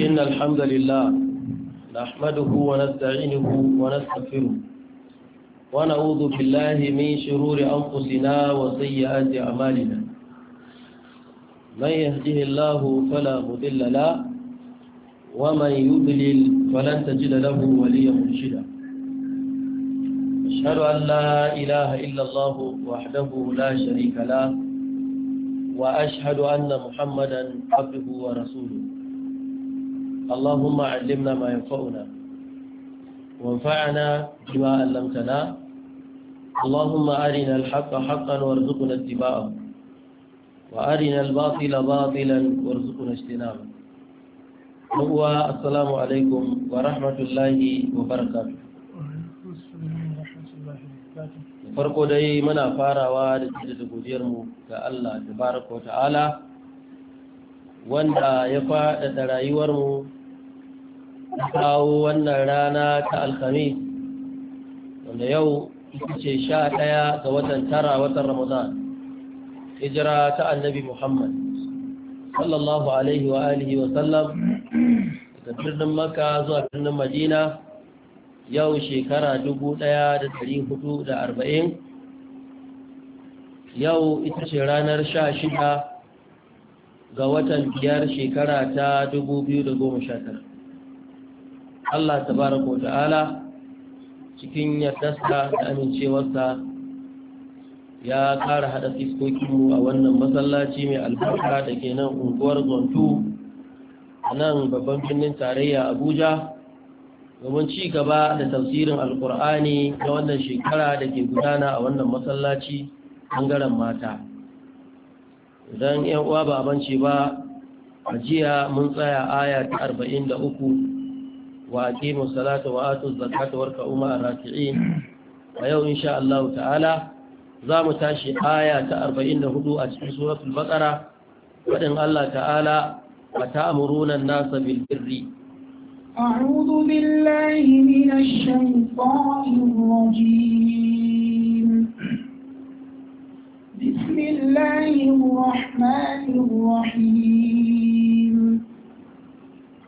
إن الحمد لله نحمده ونستعينه ونستغفره ونعوذ بالله من شرور أنفسنا وسيئات أعمالنا من يهده الله فلا مضل له ومن يضلل فلن تجد له وليا مرشدا أشهد أن لا إله إلا الله وحده لا شريك له وأشهد أن محمدا عبده ورسوله اللهم علمنا ما ينفعنا وانفعنا بما علمتنا اللهم أرنا الحق حقا وارزقنا اتباعه وأرنا الباطل باطلا وارزقنا اجتنابه هو السلام عليكم ورحمة الله وبركاته farko dai muna farawa da jaddada godiyarmu ga Allah tabaraka ta'ala wanda ya faɗaɗa rayuwarmu kawo wannan rana ta alkhamis wanda yau ita ce sha ɗaya ga watan tara watan ramadan hijira ta annabi muhammad sallallahu alaihi wa alihi wa sallam daga birnin maka zuwa birnin madina yau shekara dubu ɗaya da hudu da arba'in, yau ita ce ranar sha shida ga watan biyar shekara ta dubu biyu da goma sha Allah tabaraka wa ta'ala cikin yardarsa ta amincewarsa ya ƙara haɗa fiskokinmu a wannan masallaci mai albarka da ke nan unguwar zonto a nan babban birnin tarayya abuja domin ci gaba da tafsirin alkur'ani na wannan shekara da ke gudana a wannan masallaci ɓangaren mata idan 'yan uwa ba abinci ba a jiya mun tsaya aya ta uku. وأقيموا الصلاة وآتوا الزكاة واركعوا مع الراكعين ويوم إن شاء الله تعالى زام تاشي آية أربعين هدوء في سورة البقرة وإن الله تعالى وتأمرون الناس بالبر أعوذ بالله من الشيطان الرجيم بسم الله الرحمن الرحيم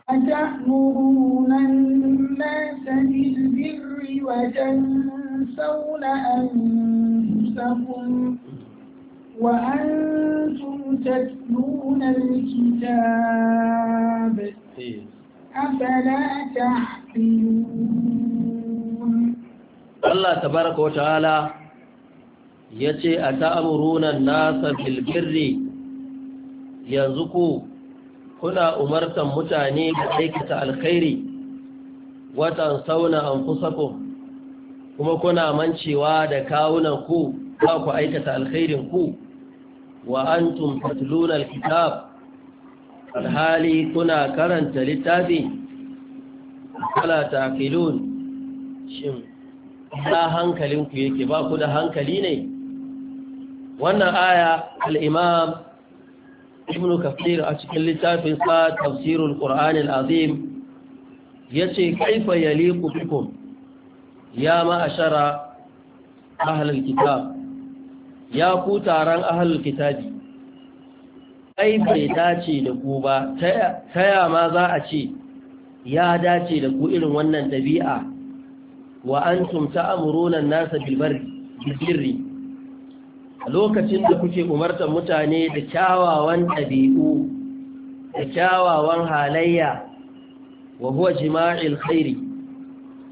أتأمرون الناس بالبر وتنسون أنفسكم وأنتم تتلون الكتاب أفلا تعقلون الله تبارك وتعالى يتي أتأمرون الناس بالبر يزكو kuna umartan mutane da aikata alkhairi watan sauna an fusako kuma kuna mancewa da kawunan ku ba ku aikata alkhairin ku wa antum tatluna alkitab alhali kuna karanta littafi kala taqilun shin hankalin hankalinku yake ba ku da hankali ne wannan aya al-imam ibn kafir a cikin littafin sa tafsirul qur'an al-azim yace kaifa yaliqu bikum ya ma'ashara ahlul kitab ya ku taron ahlul kitabi ai bai dace da ku ba taya ma za a ce ya dace da ku irin wannan dabi'a wa antum ta'muruna an-nasa bil birri lokacin da kuke umartar mutane da kyawawan ɗabi'u da kyawawan halayya wa huwa jima'il khairi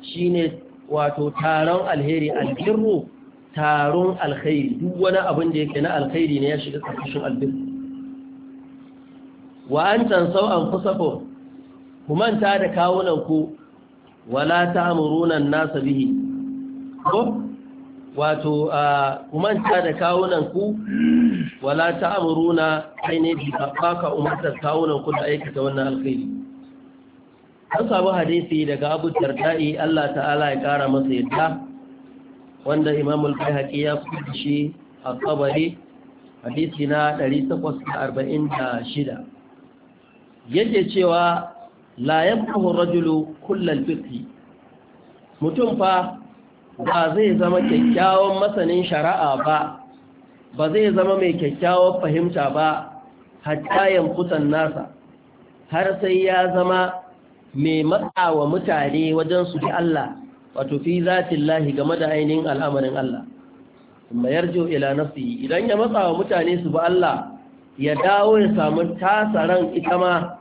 shine wato taron alheri albirru taron alkhairi duk wani abin da yake na alkhairi ne ya shiga tsakashin albirru wa an tansau an kusafo ku manta da kawunanku, wala ta an-nasa bihi ko wato a kumanta da kawunanku wala ta amuruna ainihi baka umartar kawunanku da aikata wannan alkhairi an samu hadisi daga abu tarda'i Allah ta'ala ya kara masa yadda wanda imamul bayhaqi ya fi shi a tsabari hadisi na 846 yake cewa la yabqahu rajulu kullal fiqh mutum fa ba zai zama kyakkyawan masanin shari'a ba ba zai zama mai kyakkyawan fahimta ba hatta kusan nasa har sai ya zama mai matsa wa mutane wajen su Allah wato fi zatin lahi game da ainihin al'amarin Allah kuma yarjo ila nafi idan ya matsa wa mutane su bi Allah ya dawo ya samu tasaran ita ma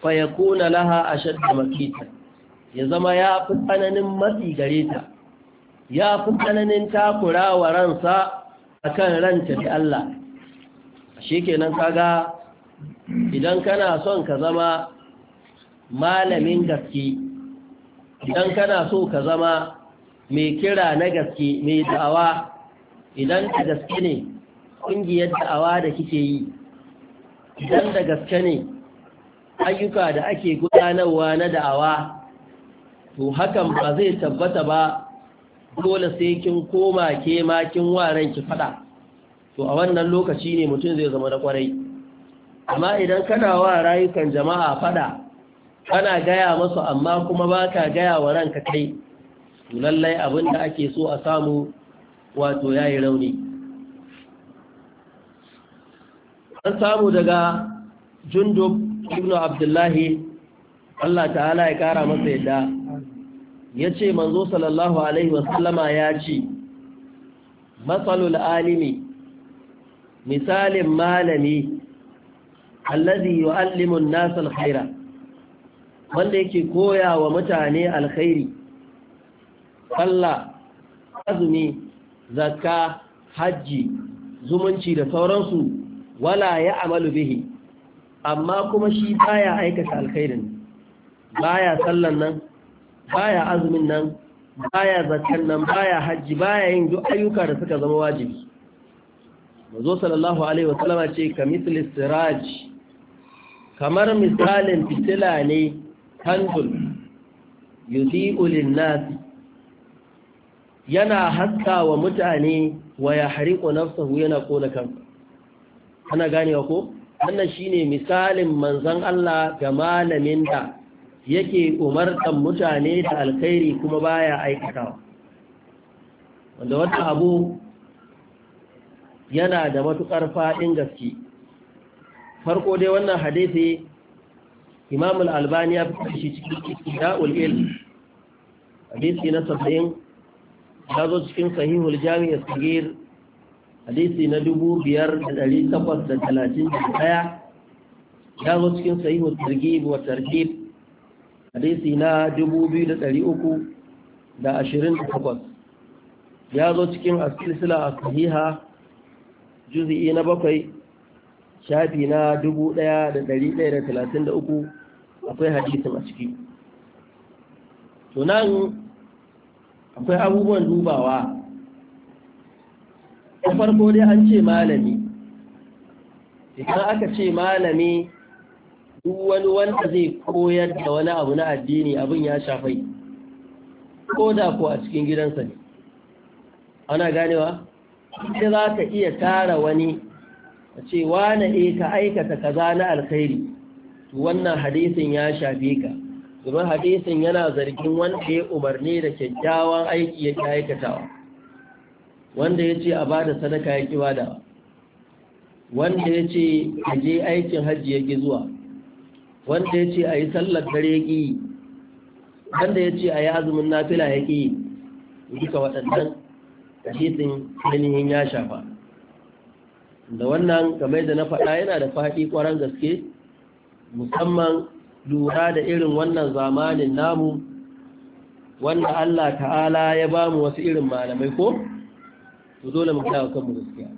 fa yakuna laha ashadda makita ya zama ya fi tsananin matsi gare ta ya fi tsananin takura wa ransa a kan ranta da Allah shi kenan kaga idan kana son ka zama malamin gaske idan kana so ka zama mai kira na gaske mai da'awa idan ka gaske ne ƙungiyar da'awa da kike yi idan da gaske ne ayyuka da ake gudanarwa na da'awa to hakan ba zai tabbata ba dole sai kin koma ke ma kin waran ki fada to a wannan lokaci ne mutum zai zama da kwarai amma idan kana wa rayukan jama'a fada kana gaya masu amma kuma baka gaya wa ranka kai lallai abin da ake so a samu wato yayi rauni an samu daga jundub ibnu abdullahi Allah ta'ala ya kara masa yadda ya ce manzo sallallahu alaihi wasallama ya ce matsalul alimi misalin malami allazi yu'allimun nas alkhaira wanda yake koya wa mutane alkhairi sallah azumi zakka hajji zumunci da sauransu wala ya amalu bihi amma kuma shi baya aikata alkhairin baya sallan nan baya azumin nan baya zakkan nan baya hajji baya yin duk ayyuka da suka zama wajibi mazo sallallahu alaihi wasallama ce ka siraj kamar misalin fitila ne handul yudi'u lin-nas yana haska wa mutane wa ya hariƙo nafsahu yana kona kan ana ganewa ko wannan shine misalin manzon Allah ga malamin da yake umartan mutane da alkhairi kuma baya aikatawa wanda wata abu yana da matukar faɗin gaske farko dai wannan hadisi imam al-albani ya fi shi cikin da'ul ilm hadisi na sabbin ya zo cikin sahihul jami' as-saghir hadisi na 5831 ya zo cikin sahihul targhib wa tarhib hadisi na 2328 ya zo cikin asilisila a sahiha juzi'i na bakwai shafi na 1133 akwai hadisin a ciki tunan akwai abubuwan dubawa a farko dai an ce malami idan aka ce malami duk wani wanda zai koyar da wani abu na addini abin ya shafai ko da ko a cikin gidansa ne ana ganewa ita za ka iya tara wani a ce wane e ka aikata kaza na alkhairi wannan hadisin ya shafe ka domin hadisin yana zargin wanda ya umarni da kyakkyawan aiki ya aikatawa wanda ya ce a ba da sadaka ya ƙi wanda ya ce a je aikin hajji ya zuwa wanda ya ce a yi sallar dare ya ƙi wanda ya ce a yi azumin nafila ya ƙi duka waɗannan hadisin ainihin ya shafa da wannan game da na faɗa yana da faɗi ƙwarar gaske musamman lura da irin wannan zamanin namu wanda Allah ta'ala ya ba mu wasu irin malamai ko? to dole mu kawo kanmu gaskiya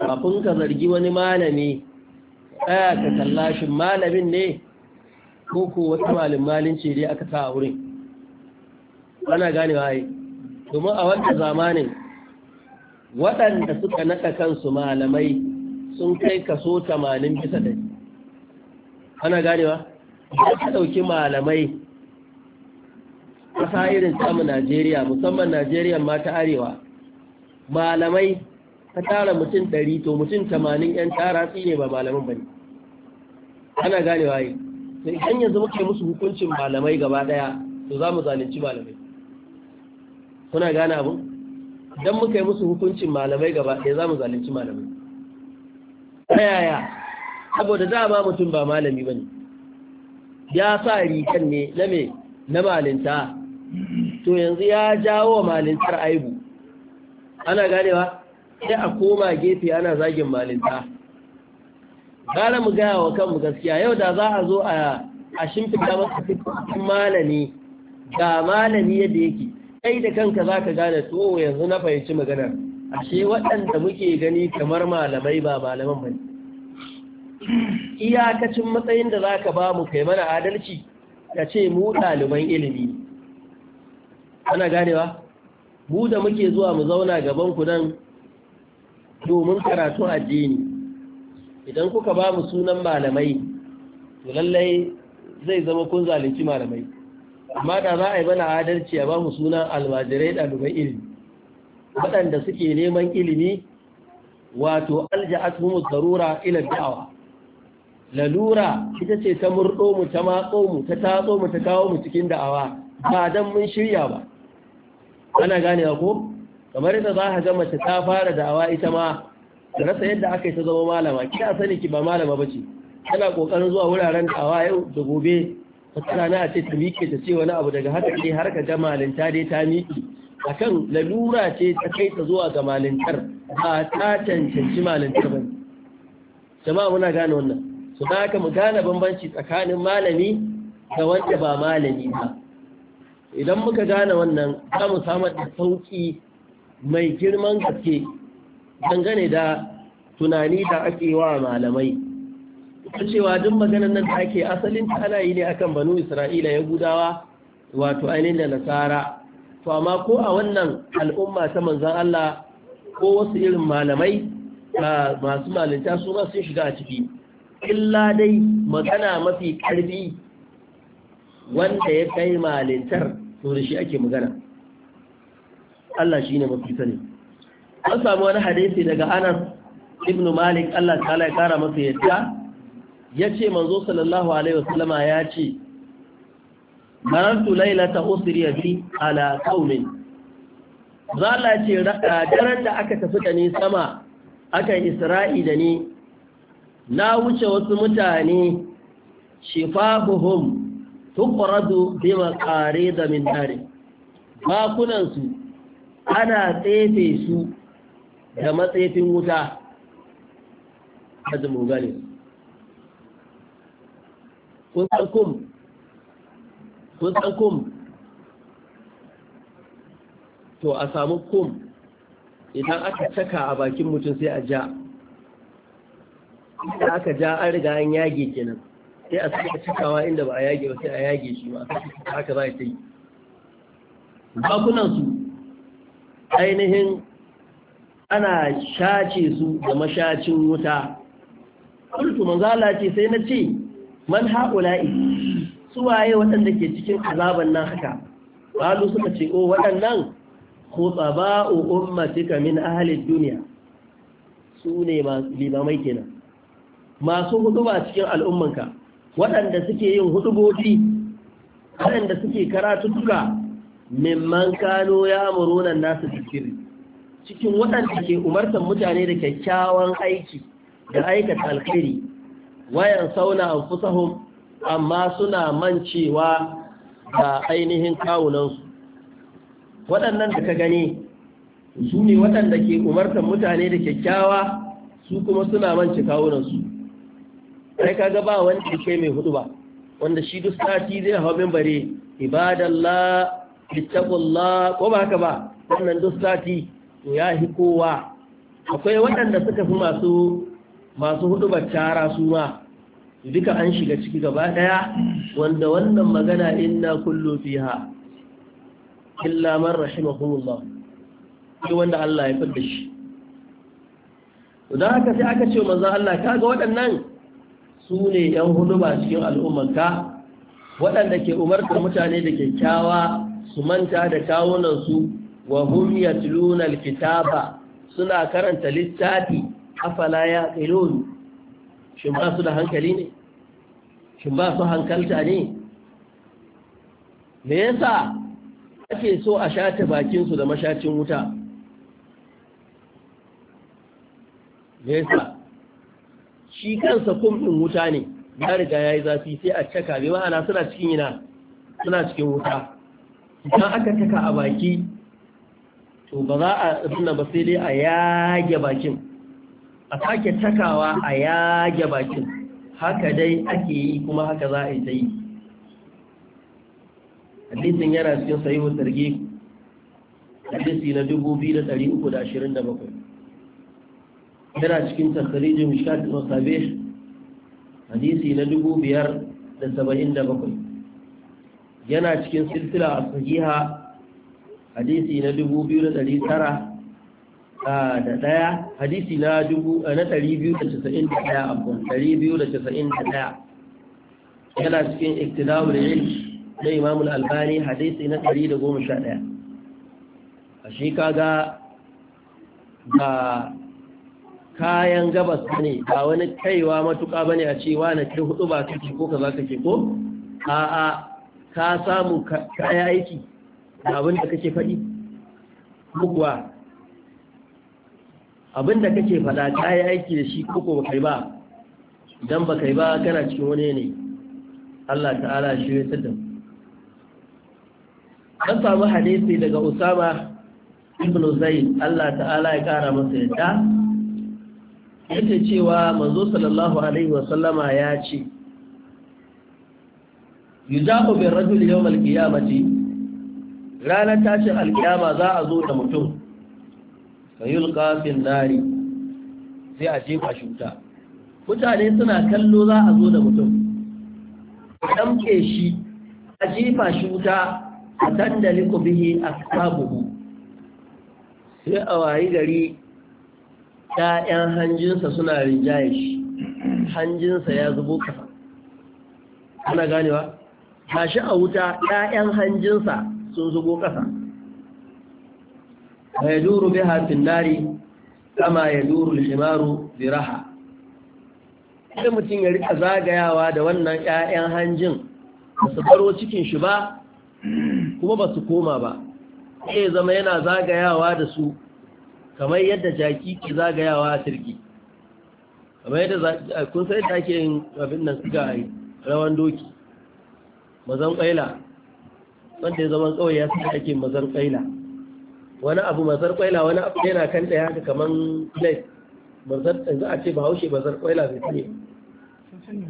kafin ka zargi wani malami tsaya ka kalla malamin ne ko ko wata malin malin ce dai aka sa a wurin ana gane ganewa yi domin a wanda zamanin waɗanda suka naɗa kansu malamai sun kai kaso tamanin bisa ɗari ana gane idan ka ɗauki malamai ƙasa irin samun najeriya musamman najeriya ma ta arewa malamai ka tara mutum ɗari to mutum tamanin ‘yan tara su ne ba malaman ba ne ana gane waye sai idan yanzu muka yi musu hukuncin malamai gaba ɗaya to za mu zalunci malamai kuna gane abu idan muka yi musu hukuncin malamai gaba ɗaya za mu zalunci malamai ta yaya saboda dama mutum ba malami ba ne ya sa rikan ne na me na malinta to yanzu ya jawo malintar aibu ana ganewa sai a koma gefe ana zagin malinta gara mu gaya wa kanmu gaskiya yau da za a zo a shimfita masa cikin malami ga malami yadda yake kai da kanka za ka gane to yanzu na fahimci magana ashe waɗanda muke gani kamar malamai ba malaman ba iyakacin matsayin da za ka ba mu kai mana adalci da ce mu ɗaliban ilimi ana ganewa mu da muke zuwa mu zauna gaban ku nan domin karatu addini idan kuka ba mu sunan malamai to lallai zai zama kun zalunci malamai amma da za a yi bana adalci a ba mu sunan almajirai ɗalibai ilimi waɗanda suke neman ilimi wato mu zarura ila da'awa lalura ita ce ta murdo mu ta matso mu ta tatso mu ta kawo mu cikin da'awa ba dan mun shirya ba ana ganewa ko kamar yadda za ka ga mace ta fara da'awa ita ma da rasa yadda aka yi ta zama malama kina sani ki ba malama ba ce tana kokarin zuwa wuraren da'awa yau da gobe ta rana a ce ta miƙe ta ce wani abu daga haka ne har ka ga malinta dai ta miƙe a kan lalura ce ta kai ta zuwa ga malintar ba ta cancanci malintar ba jama'a muna gane wannan su da haka mu gane bambanci tsakanin malami da wanda ba malami ba idan muka gane wannan za mu samar da sauƙi mai girman gaske dangane da tunani da ake wa malamai ta cewa duk maganar nan da ake asalin ta ana yi ne akan banu isra'ila ya gudawa wato ainihin da nasara to amma ko a wannan al'umma ta manzan Allah ko wasu irin malamai masu malinta su ma sun shiga a ciki illa dai magana mafi karfi wanda ya kai malintar to da shi ake magana Allah shi ne mafi sani an samu wani hadisi daga Anas ibn Malik Allah ta'ala ya kara masa yadda ce manzo sallallahu alaihi wasallama ya ce marantu lailata usriya bi ala qaumin zalla ce daren da aka tafi da ni sama aka yi isra'i da ni na wuce wasu mutane shifabuhum tuqradu bi maqarid min nar bakunansu ana tsefe su da matsefin wuta azumin gani kun san kum to a samu kum idan aka caka a bakin mutum sai a ja Idan aka ja an riga an yage kenan sai a a cikawa inda ba a yage ba sai a yage shi ba haka za a ta yi bakunansu ainihin ana shace su da mashacin wuta kultu manzala ce sai na ce man haula'i su waye waɗanda ke cikin azaban nan haka qalu suka ce o oh, waɗannan khutaba'u ummatika min ahalin duniya su ne limamai kenan masu huduba cikin al'ummanka waɗanda suke yin hudubobi waɗanda suke karatuttuka mimman kano ya amuruna nasu fikiri cikin waɗanda ke umartar mutane da kyakkyawan aiki da aikata alkhairi wayan sauna an amma suna mancewa da ainihin kawunansu waɗannan da ka gani su ne waɗanda ke umartan mutane da kyakkyawa su kuma suna manci kawunansu sai kaga ba wanda ke mai hudu ba wanda shi duk sati zai hau mimbare ibadallah ittaqullah ko ba haka ba wannan duk sati ya hi kowa akwai waɗanda suka fi masu masu hudu bacara su ma duka an shiga ciki gaba daya wanda wannan magana inna kullu fiha illa man rahimahumullah sai wanda Allah ya fadda shi Idan haka sai aka ce manzo Allah kaga waɗannan su ne yan hudu ba cikin al'ummarka waɗanda ke umartar mutane da kyakkyawa su manta da kawunansu wa hum yatluna alkitaba suna karanta littafi afala yaqilun shin ba su da hankali ne shin ba su hankalta ne me yasa ake so a shata bakin su da mashacin wuta me yasa shi kansa kumɗin wuta ne ya riga yayi zafi sai a caka bi ma'ana suna cikin ina suna cikin wuta idan aka taka a baki to ba za a suna ba sai dai a yage bakin a sake takawa a yage bakin haka dai ake yi kuma haka za a yi ta yi hadisin yana cikin sayo sarge hadisi na 2327 yana cikin tasirijin mishkat masabir hadisi na 577 yana cikin silsila a sahiha hadisi na dubu biyu da ɗari tara da ɗaya hadisi na dubu na ɗari biyu da casa'in da ɗaya abu ɗari biyu da casa'in da ɗaya yana cikin iktidawar yin na imamul albani hadisi na ɗari da goma sha ɗaya a shi kaga ga kayan gabas ne ba wani kaiwa matuka ba ne a cewa na ke hudu ba kake ko ka za ka ke ko a a ka samu kayan aiki da abin da kake faɗi kuwa abin da kake faɗa yi aiki da shi kuka ba kai ba don ba kai ba kana cikin wani ne Allah ta'ala shi ya tattam an samu hadisi daga usama ibn zaid Allah ta'ala ya kara masa yadda yake cewa manzo sallallahu alaihi wasallama ya ce yujabu bin rajul yawm al-qiyamati ranar tashin qiyama za a zo da mutum fi an nari sai a jefa shuta mutane suna kallo za a zo da mutum ɗan shi a jefa shuta a tandali ku bihi a sai a wayi gari ‘ya'yan hanjinsa suna rinjaye shi hanjinsa ya zubo kafa ana ganewa tashi a wuta ƴaƴan hanjinsa sun zugo ƙasa A ya duru biha finnari kama ya duru limaru biraha sai mutum ya rika zagayawa da wannan ƴaƴan hanjin ba su baro cikin shi ba kuma ba su koma ba sai zama yana zagayawa da su kamar yadda jaki ke zagayawa a turki kamar yadda kun sai yin abin nan suka yi rawan doki mazan ƙwaila wanda ya zama kawai ya suke ake mazan ƙwaila wani abu mazan ƙwaila wani abu yana kan ɗaya haka kamar plate mazan ɗanzu a ce ba bahaushe mazan ƙwaila bai sani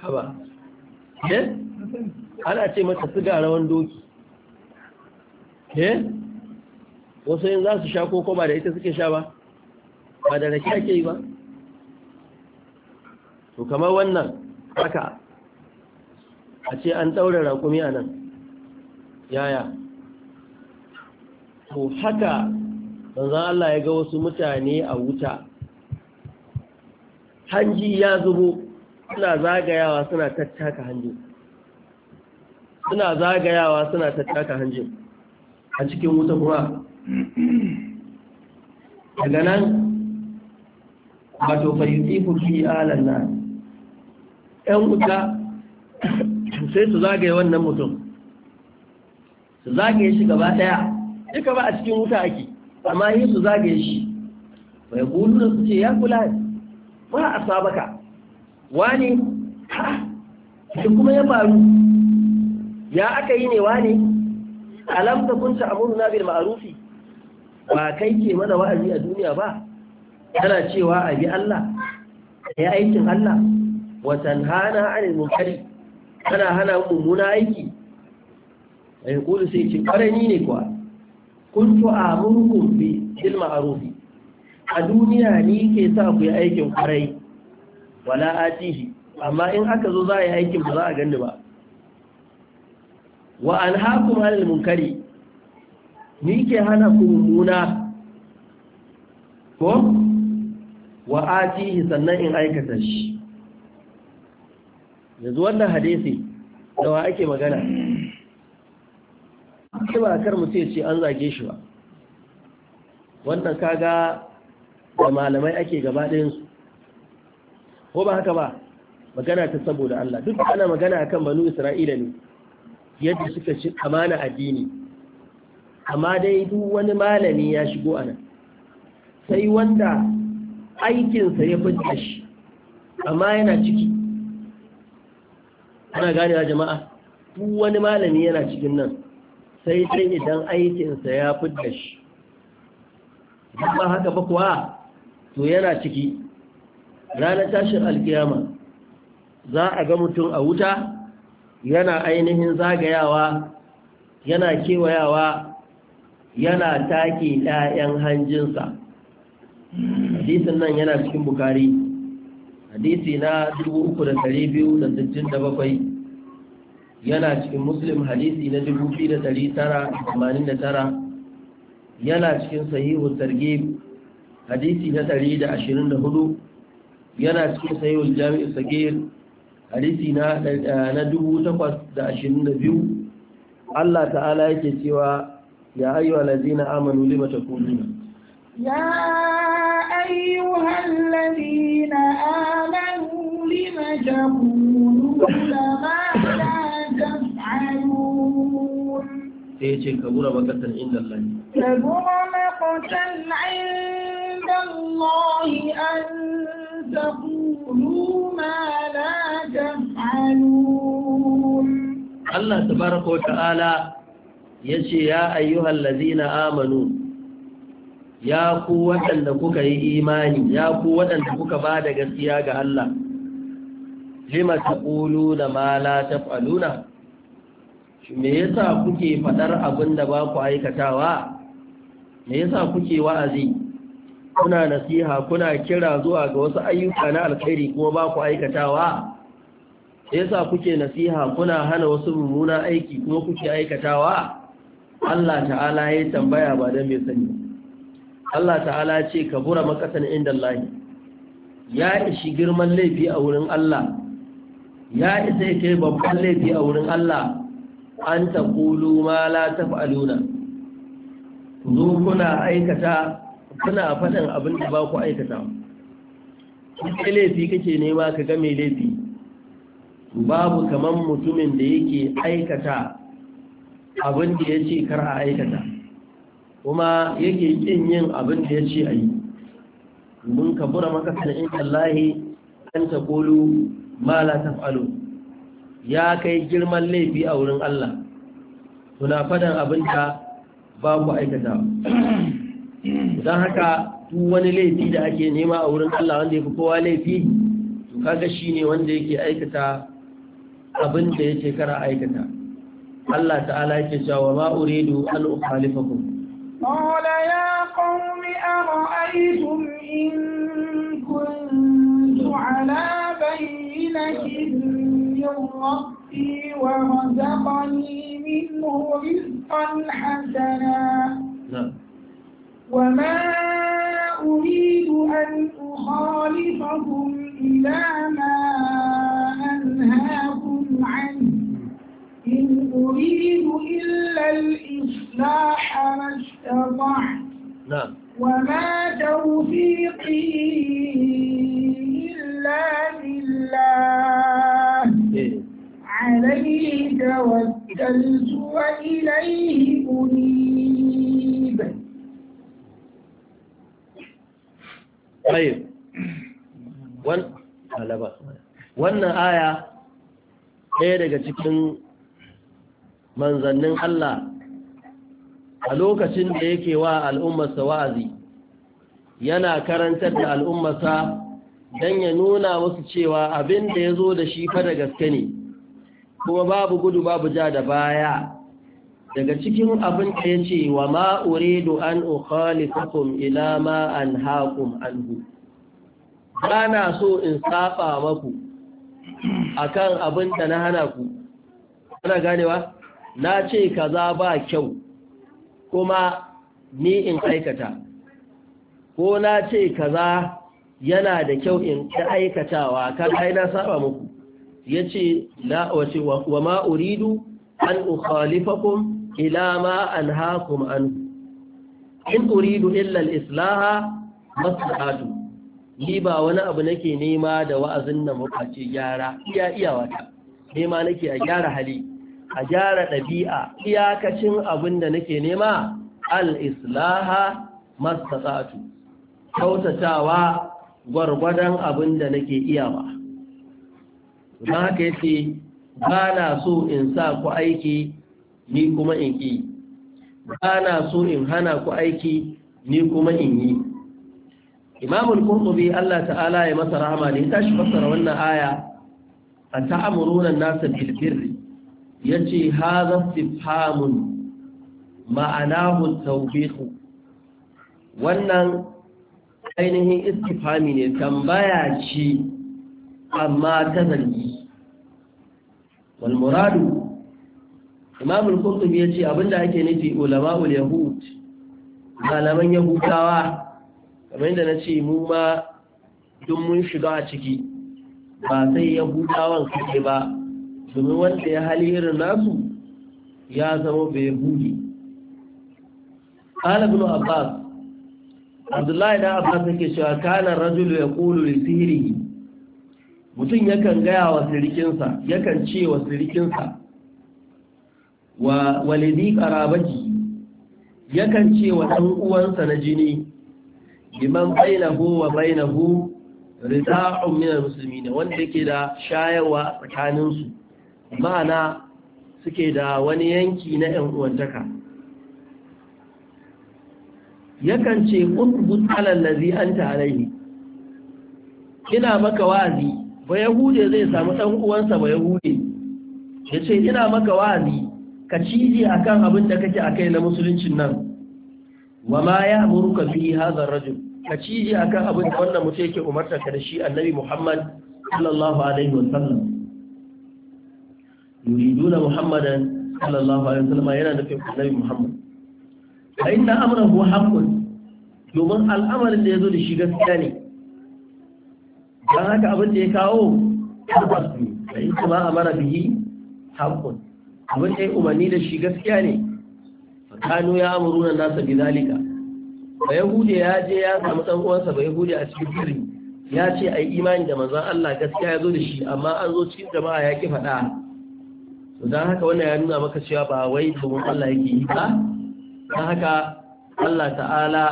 haba eh ana ce mata siga rawan doki eh wasu yin za su sha koko ba da ita suke sha ba ba da rake ake yi ba to kamar wannan haka a ce an ɗaura raƙumi a nan yaya to haka za Allah ya ga wasu mutane a wuta hanji ya zubo suna zagayawa suna tattaka hanji. suna zagayawa suna tattaka hanjin a cikin wuta kuma daga nan wato fayyuti fi alan nan ‘yan wuta sai su zagaye wannan mutum su zagaye shi gaba daya duka ba a cikin wuta ake amma yi su zagaye shi mai gulu su ce ya kula ba a sabaka wani shi kuma ya faru ya aka yi ne wani alamta kunta amurna bil ma'arufi ba kai ke mana wa'azi a duniya ba tana cewa a bi Allah ya aikin Allah watan hana anil munkari kana hana mummuna aiki a yi kudu sai cin ƙarani ne kuwa kun to a murkun bi ilma a rufi a duniya ni ke sa ku yi aikin ƙarai wala a tihi amma in aka zo za a yi aikin ba za a gani ba wa an haku mun munkari ni ke hana ku mummuna ko wa a tihi sannan in aikata shi yanzu wannan hadisi da wa ake magana ake ba kar mutum ce an zage shi ba wannan kaga da malamai ake gaba ko ba haka ba magana ta saboda Allah duk ana magana kan banu Isra'ila ne yadda suka ci amana addini amma dai duk wani malami ya shigo a nan sai wanda aikinsa ya fita shi amma yana ciki ana a jama'a wani malami yana cikin nan sai dai idan aikinsa ya fidda shi ba haka ba kuwa to yana ciki ranar tashin alkiyama za a ga mutum a wuta yana ainihin zagayawa yana kewayawa yana take 'ya'yan hanjinsa hadisin nan yana cikin bukari hadisi na 3267 yana cikin muslim hadisi na 2989 yana cikin sahihu targhib hadisi na 124 yana cikin sahihun jami'u sagir hadisi na 1822 eh, Allah ta'ala yake cewa ya lazina amanu lima takununa ya أيها الذين آمنوا لم تقولون ما لا تفعلون كبر مقتا عند الله كبر مقتا عند الله أن تقولوا ما لا تفعلون الله تبارك وتعالى يا أيها الذين آمنوا ya ku waɗanda kuka yi imani ya ku waɗanda kuka ba da gaskiya ga Allah lima taqulu da ma la taf'aluna me yasa kuke fadar abin da ba ku aikatawa me yasa kuke wa'azi kuna nasiha kuna kira zuwa ga wasu ayyuka na alkhairi kuma ba ku aikatawa yasa kuke nasiha kuna hana wasu mummuna aiki kuma kuke aikatawa Allah ta'ala ya tambaya ba dan mai sani Allah ta'ala ya ce kabura makasan inda Allah ya ishi girman laifi a wurin Allah ya isa kai babban laifi a wurin Allah an Kulu ma la taf'aluna zo kuna aikata kuna faɗin abin da ba ku aikata kai laifi kake nema ka ga mai laifi babu kamar mutumin da yake aikata abin da ya ce kar a aikata kuma yake kin yin abin da ya ce a yi mun kabura maka in Allahi an ta kolu ma la taf'alu ya kai girman laifi a wurin Allah kuna fadan abin da ba ku aikata don haka duk wani laifi da ake nema a wurin Allah wanda ya fi kowa laifi to kaga shine wanda yake aikata abin da yake kara aikata Allah ta'ala yake cewa ma uridu an ukhalifakum قال يا قوم أرأيتم إن كنت على بينة من ربي ورزقني منه رزقا حسنا نعم. وما أريد أن أخالفكم إلى ما أنهاكم عنه إن أريد إلا الإصلاح ما استطعت نعم وما توفيقي إلا بالله إيه؟ عليه توكلت وإليه أنيب طيب وان لا بأس wannan aya ɗaya manzannin Allah a lokacin da yake wa al'ummarsa wa'azi yana karantar da al'ummarsa don ya nuna musu cewa abin da ya zo da shi fa da gaske ne kuma babu gudu babu ja da baya daga cikin abin da ya ce wa ma'uridu an ukhalifakum ila ma an haƙum anhu ba so in saɓa maku akan abin da na hana ku ana ganewa na ce kaza ba kyau kuma ni in aikata ko na ce kaza yana da kyau in aikatawa kan aina saba muku ya ce wace wa ma uridu an ukhalifakum ila ma an anhaakum an in uridu illa al-islaha mas'atu ni ba wani abu nake nema da wa'azin nan muka gyara iya iyawata nema nake a gyara hali a gyara ɗabi'a iyakacin abin da nake nema al-islaha mastata'tu kautatawa gwargwadon abin da nake iyawa don haka yace ba na so in sa ku aiki ni kuma in yi ba na so in hana ku aiki ni kuma in yi imamul qurtubi Allah ta'ala ya masa rahama ne shi fassara wannan aya an ta'amuruna an-nasa bil ya ce haza sifamun ma'anahu taubihu wannan ainihin istifami ne tambaya ce amma ta zargi walmuradu imamul kurtum ya ce abinda ake nufi ulama'ul yahud malaman yahudawa kamar yadda na ce mu ma dun mun shiga a ciki ba sai yahudawan kake ba domin wanda ya hali irin nasu ya zama bai buɗe Kala bin abbas abdullahi da abbas yake cewa kanan rajulu ya ƙulu da sihiri mutum yakan gaya wa sirikinsa yakan ce wa sirikinsa wa walidi ƙarabaki yakan ce wa ɗan'uwansa na jini liman bainahu wa bainahu rida'un Musulmi, da wanda ke da shayarwa tsakaninsu ma'ana suke da wani yanki na 'yan uwantaka yakan ce ƙungun alallazi an tarayhi ina maka wa'azi ba yahude zai samu ɗan uwansa ba yahude ya ce ina maka wa'azi ka cije akan abin da kake a kai na musuluncin nan wa ma ya ka fi hazar rajin ka cije akan abin da wannan mutu yake umarta ka da shi annabi muhammad sallallahu alaihi wasallam yuriduna muhammadan sallallahu alaihi wasallam yana nufin annabi muhammad a inda inna amrahu haƙƙun domin al'amarin da ya zo da shi gaskiya ne don haka abin da ya kawo tabbas ne fa in kuma amara bihi haqqun abin da ya umarni da shi gaskiya ne kanu ya amuruna nasa bi zalika ba yahudi ya je ya samu ɗan uwansa ba yahudi a cikin birni ya ce a yi imani da manzon Allah gaskiya ya zo da shi amma an zo cikin jama'a ya ki faɗa don haka wannan ya nuna maka cewa ba wai domin Allah yake yi ba don haka Allah ta'ala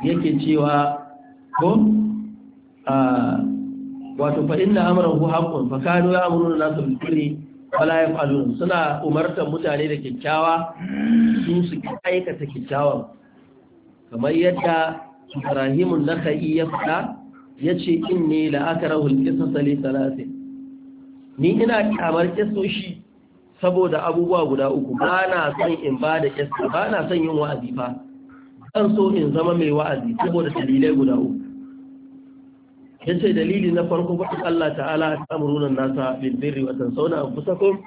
yake cewa ko ah, wato fa inna amrahu haqqun fa kanu ya'muruna nasu bil birri wala yaf'alun suna umartar mutane da kikkiawa su su aikata kyakkyawan? kamar yadda Ibrahimun Nakhai ya fada yace inni la akrahu al-qisas li ni ina kamar kisoshi saboda abubuwa guda uku ba na son in ba da ƙyasta ba na son yin wa'azi ba, ɗan so in zama mai wa'azi saboda dalilai guda uku ya ce dalili na farko faɗin Allah ta'ala a tsamurunan nasa bilbirri watan sauna a fusakon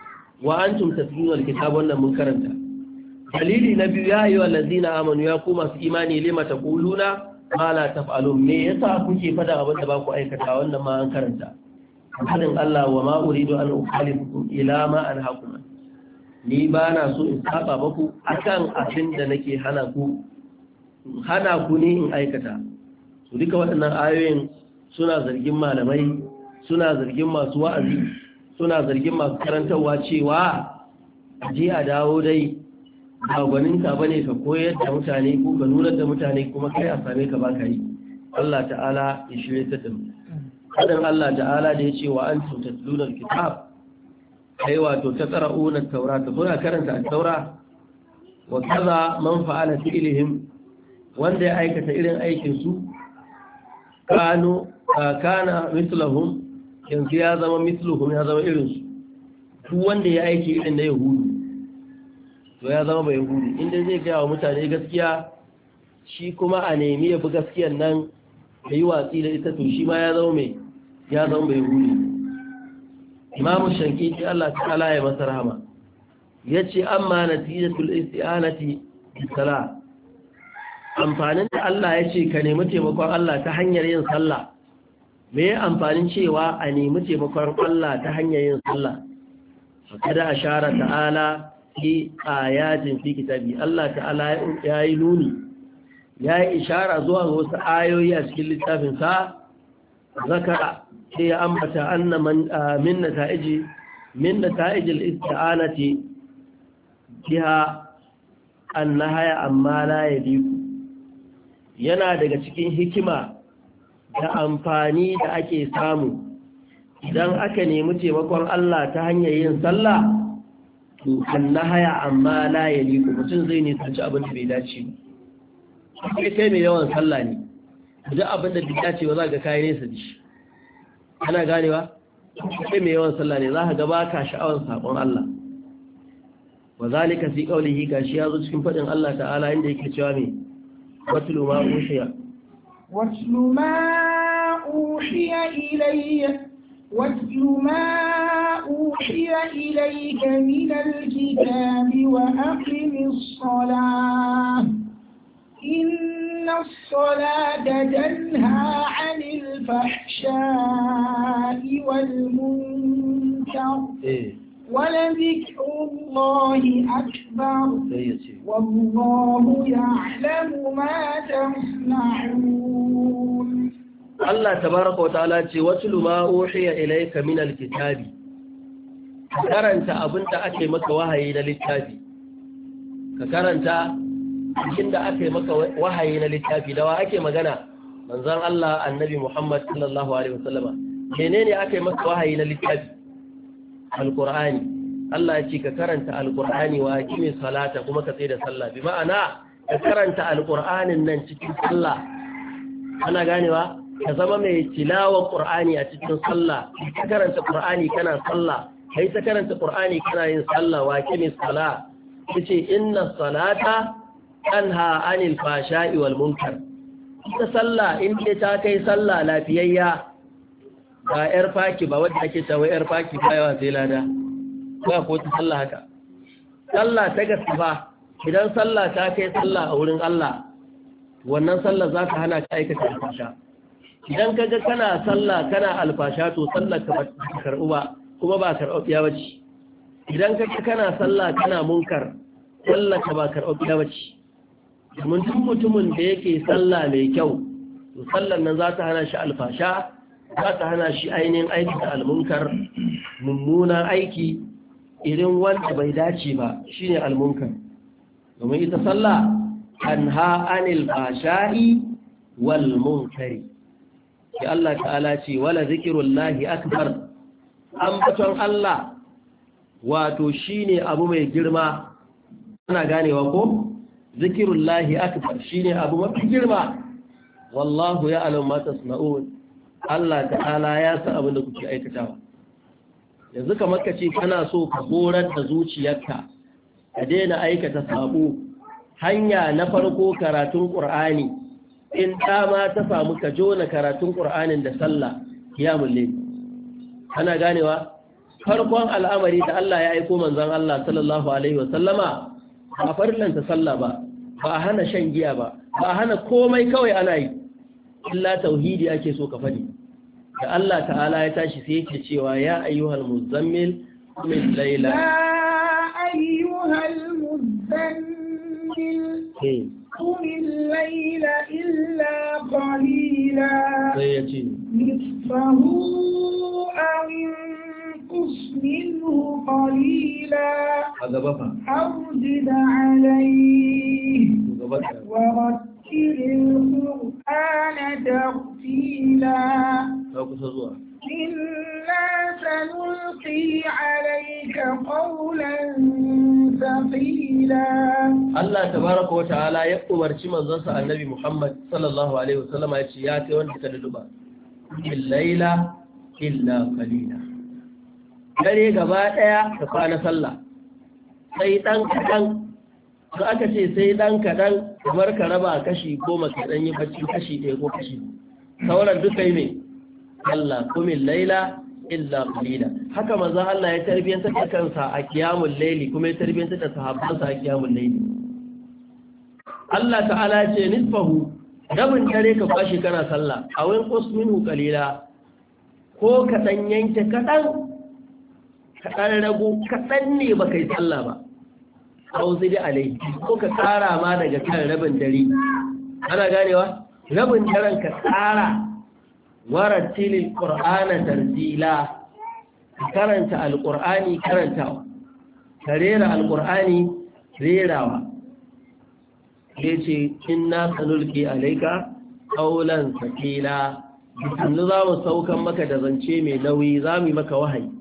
wa an cimta tunar kitabon nan mun karanta dalili na biyu ya yi wa lazina amanu ya ku masu imani lima ta kuluna ma la taf'alun me yasa kuke fada abin da ba ku aikata wannan ma an karanta hadin Allah wa ma uridu an ukhalifukum ila ma an hakuma ni ba na so in saba baku kan abin da nake hana ku hana ku ne in aikata su duka waɗannan ayoyin suna zargin malamai suna zargin masu wa'azi suna zargin masu karantarwa cewa ji a dawo dai ba gwaninka ba ne ka koyar da mutane ko ka nuna da mutane kuma kai a same ka ba ka yi Allah ta'ala ya shirya ta dama. Allah ta'ala da ya ce wa an cutar lunar kitab ai wato ta taura ta kuna karanta a taura wa kaza man fa'ala fi'lihim wanda ya aikata irin aikin su kanu kana mislahum yanzu ya zama mislahum ya zama irin su duk wanda ya aiki irin na yahudu to ya zama bai yahudu inda zai gaya wa mutane gaskiya shi kuma a nemi ya bi gaskiyan nan da yi watsi da ita to shi ma ya zama mai ya zama bai yahudu imamu shankiki Allah ta'ala ya masa rahama yace amma natijatul isti'anati bisala amfanin da Allah yace ka nemi taimakon Allah ta hanyar yin sallah me amfanin cewa a nemi taimakon Allah ta hanyar yin sallah kada ashara ta'ala fi ayatin fi kitabi Allah ta'ala yayi nuni yayi ishara zuwa wasu ayoyi a cikin littafin sa zakara sai ya ambata anna ah, min nata'iji min nata'ijil ista'anati biha annahaya amma la yadiku yana daga cikin hikima da amfani da ake samu idan aka nemi taimakon Allah ta hanyar yin sallah to annahaya amma la yadiku mutum zai ne tsanci abin da bai dace ba kai mai yawan sallah ne duk abin da bai dace ba za ka kai nesa da shi ana ganewa sai mai yawan sallah ne za ka gaba ka sha'awar saƙon Allah wa zalika fi qawlihi gashi ya cikin fadin Allah ta'ala inda yake cewa me watlu ma ushiya watlu ma ushiya ilayya watlu ma ushiya ilayka min al wa aqimis salah inna as-salata tanha 'anil الفحشاء والمنكر ولذكر الله أكبر والله يعلم ما تصنعون Allah tabaraka wa ta'ala ce wasu luma ohiya ilaika min alkitabi ka karanta ake maka wahayi na littafi ka karanta cikin da ake maka wahayi na littafi da wa ake magana manzon Allah annabi Muhammad sallallahu alaihi wasallama menene aka yi masa wahayi na littafi alqur'ani Allah ya ce ka karanta alqur'ani wa aqimi salata kuma ka tsai da sallah bi ma'ana ka karanta alqur'anin nan cikin sallah ana ganewa ka zama mai tilawan qur'ani a cikin sallah ka karanta qur'ani kana sallah kai ta karanta qur'ani kana yin sallah wa aqimi salat yace inna salata tanha anil fashai wal munkar ita sallah in ce ta kai sallah lafiyayya ba yar faki ba wadda ake cewa yar faki ba yawa sai lada ba ko ta sallah haka sallah ta gaske ba idan sallah ta kai sallah a wurin Allah wannan sallah za ka hana ka aikata alfasha idan ka ga kana sallah kana alfasha to sallar ka ba karbu ba kuma ba karbu ya bace idan ka ga kana sallah kana munkar sallar ka ba karbu ya bace domin duk mutumin da yake sallah mai kyau to sallar nan za ta hana shi alfasha za ta hana shi ainihin aiki da almunkar mummunan aiki irin wanda bai dace ba shine almunkar domin ita sallah ha anil fasha'i wal munkari ya Allah ta'ala ce wala zikrullahi akbar ambaton Allah wato shine abu mai girma ana ganewa ko zikirullahi akbar shine abu mafi girma wallahu ya'lamu ma tasna'un Allah ta'ala ya sa abin da kuke aikatawa yanzu kamar ka ce kana so ka horar da zuciyarka ka daina aikata sabo hanya na farko karatun ƙur'ani in dama ta samu ka jona karatun qur'anin da sallah kiyamul layl ana ganewa farkon al'amari da Allah ya aiko manzon Allah sallallahu alaihi wasallama ba farlanta sallah ba ba a hana shan giya ba ba a hana komai kawai ana yi illa tauhidi ake so ka faɗi da Allah ta'ala ya tashi sai yake cewa ya ayyuhal muzammil qumil layla ya ayyuhal muzammil eh. qumil layla illa qalila sai yace ni fahu amin تنقص منه قليلا da زد عليه ورتل القرآن ترتيلا إنا سنلقي عليك قولا ثقيلا الله تبارك وتعالى ya umarci manzansa annabi Muhammad sallallahu alaihi wasallam ya ce ya kai wanda ka duba illa illa dare gaba ɗaya da kwana sallah sai ɗan kaɗan ka aka ce sai ɗan kaɗan kamar ka raba kashi goma ka dan yi bacci kashi ɗaya ko kashi sauran duka yi ne sallah kumin laila illa qalila haka manzo Allah ya tarbiyanta da kansa a kiyamul laili kuma ya tarbiyanta da sahabbansa a kiyamul laili Allah ta'ala ce nisfahu rabin dare ka kwashi kana sallah a qasminu qalila ko ka dan yanke kadan Kaɗan rago kaɗan ne ba kai sallah ba hauzi da alai ko ka ƙara ma daga kan rabin dare ana ganewa rabin daren ka ƙara warar tilin ƙur'ana karanta alƙur'ani karantawa ka rera alƙur'ani rerawa ya ce in na tsanulki alaika ƙaunar sakila bisannu za mu saukan maka da zance mai nauyi za mu yi maka wahayi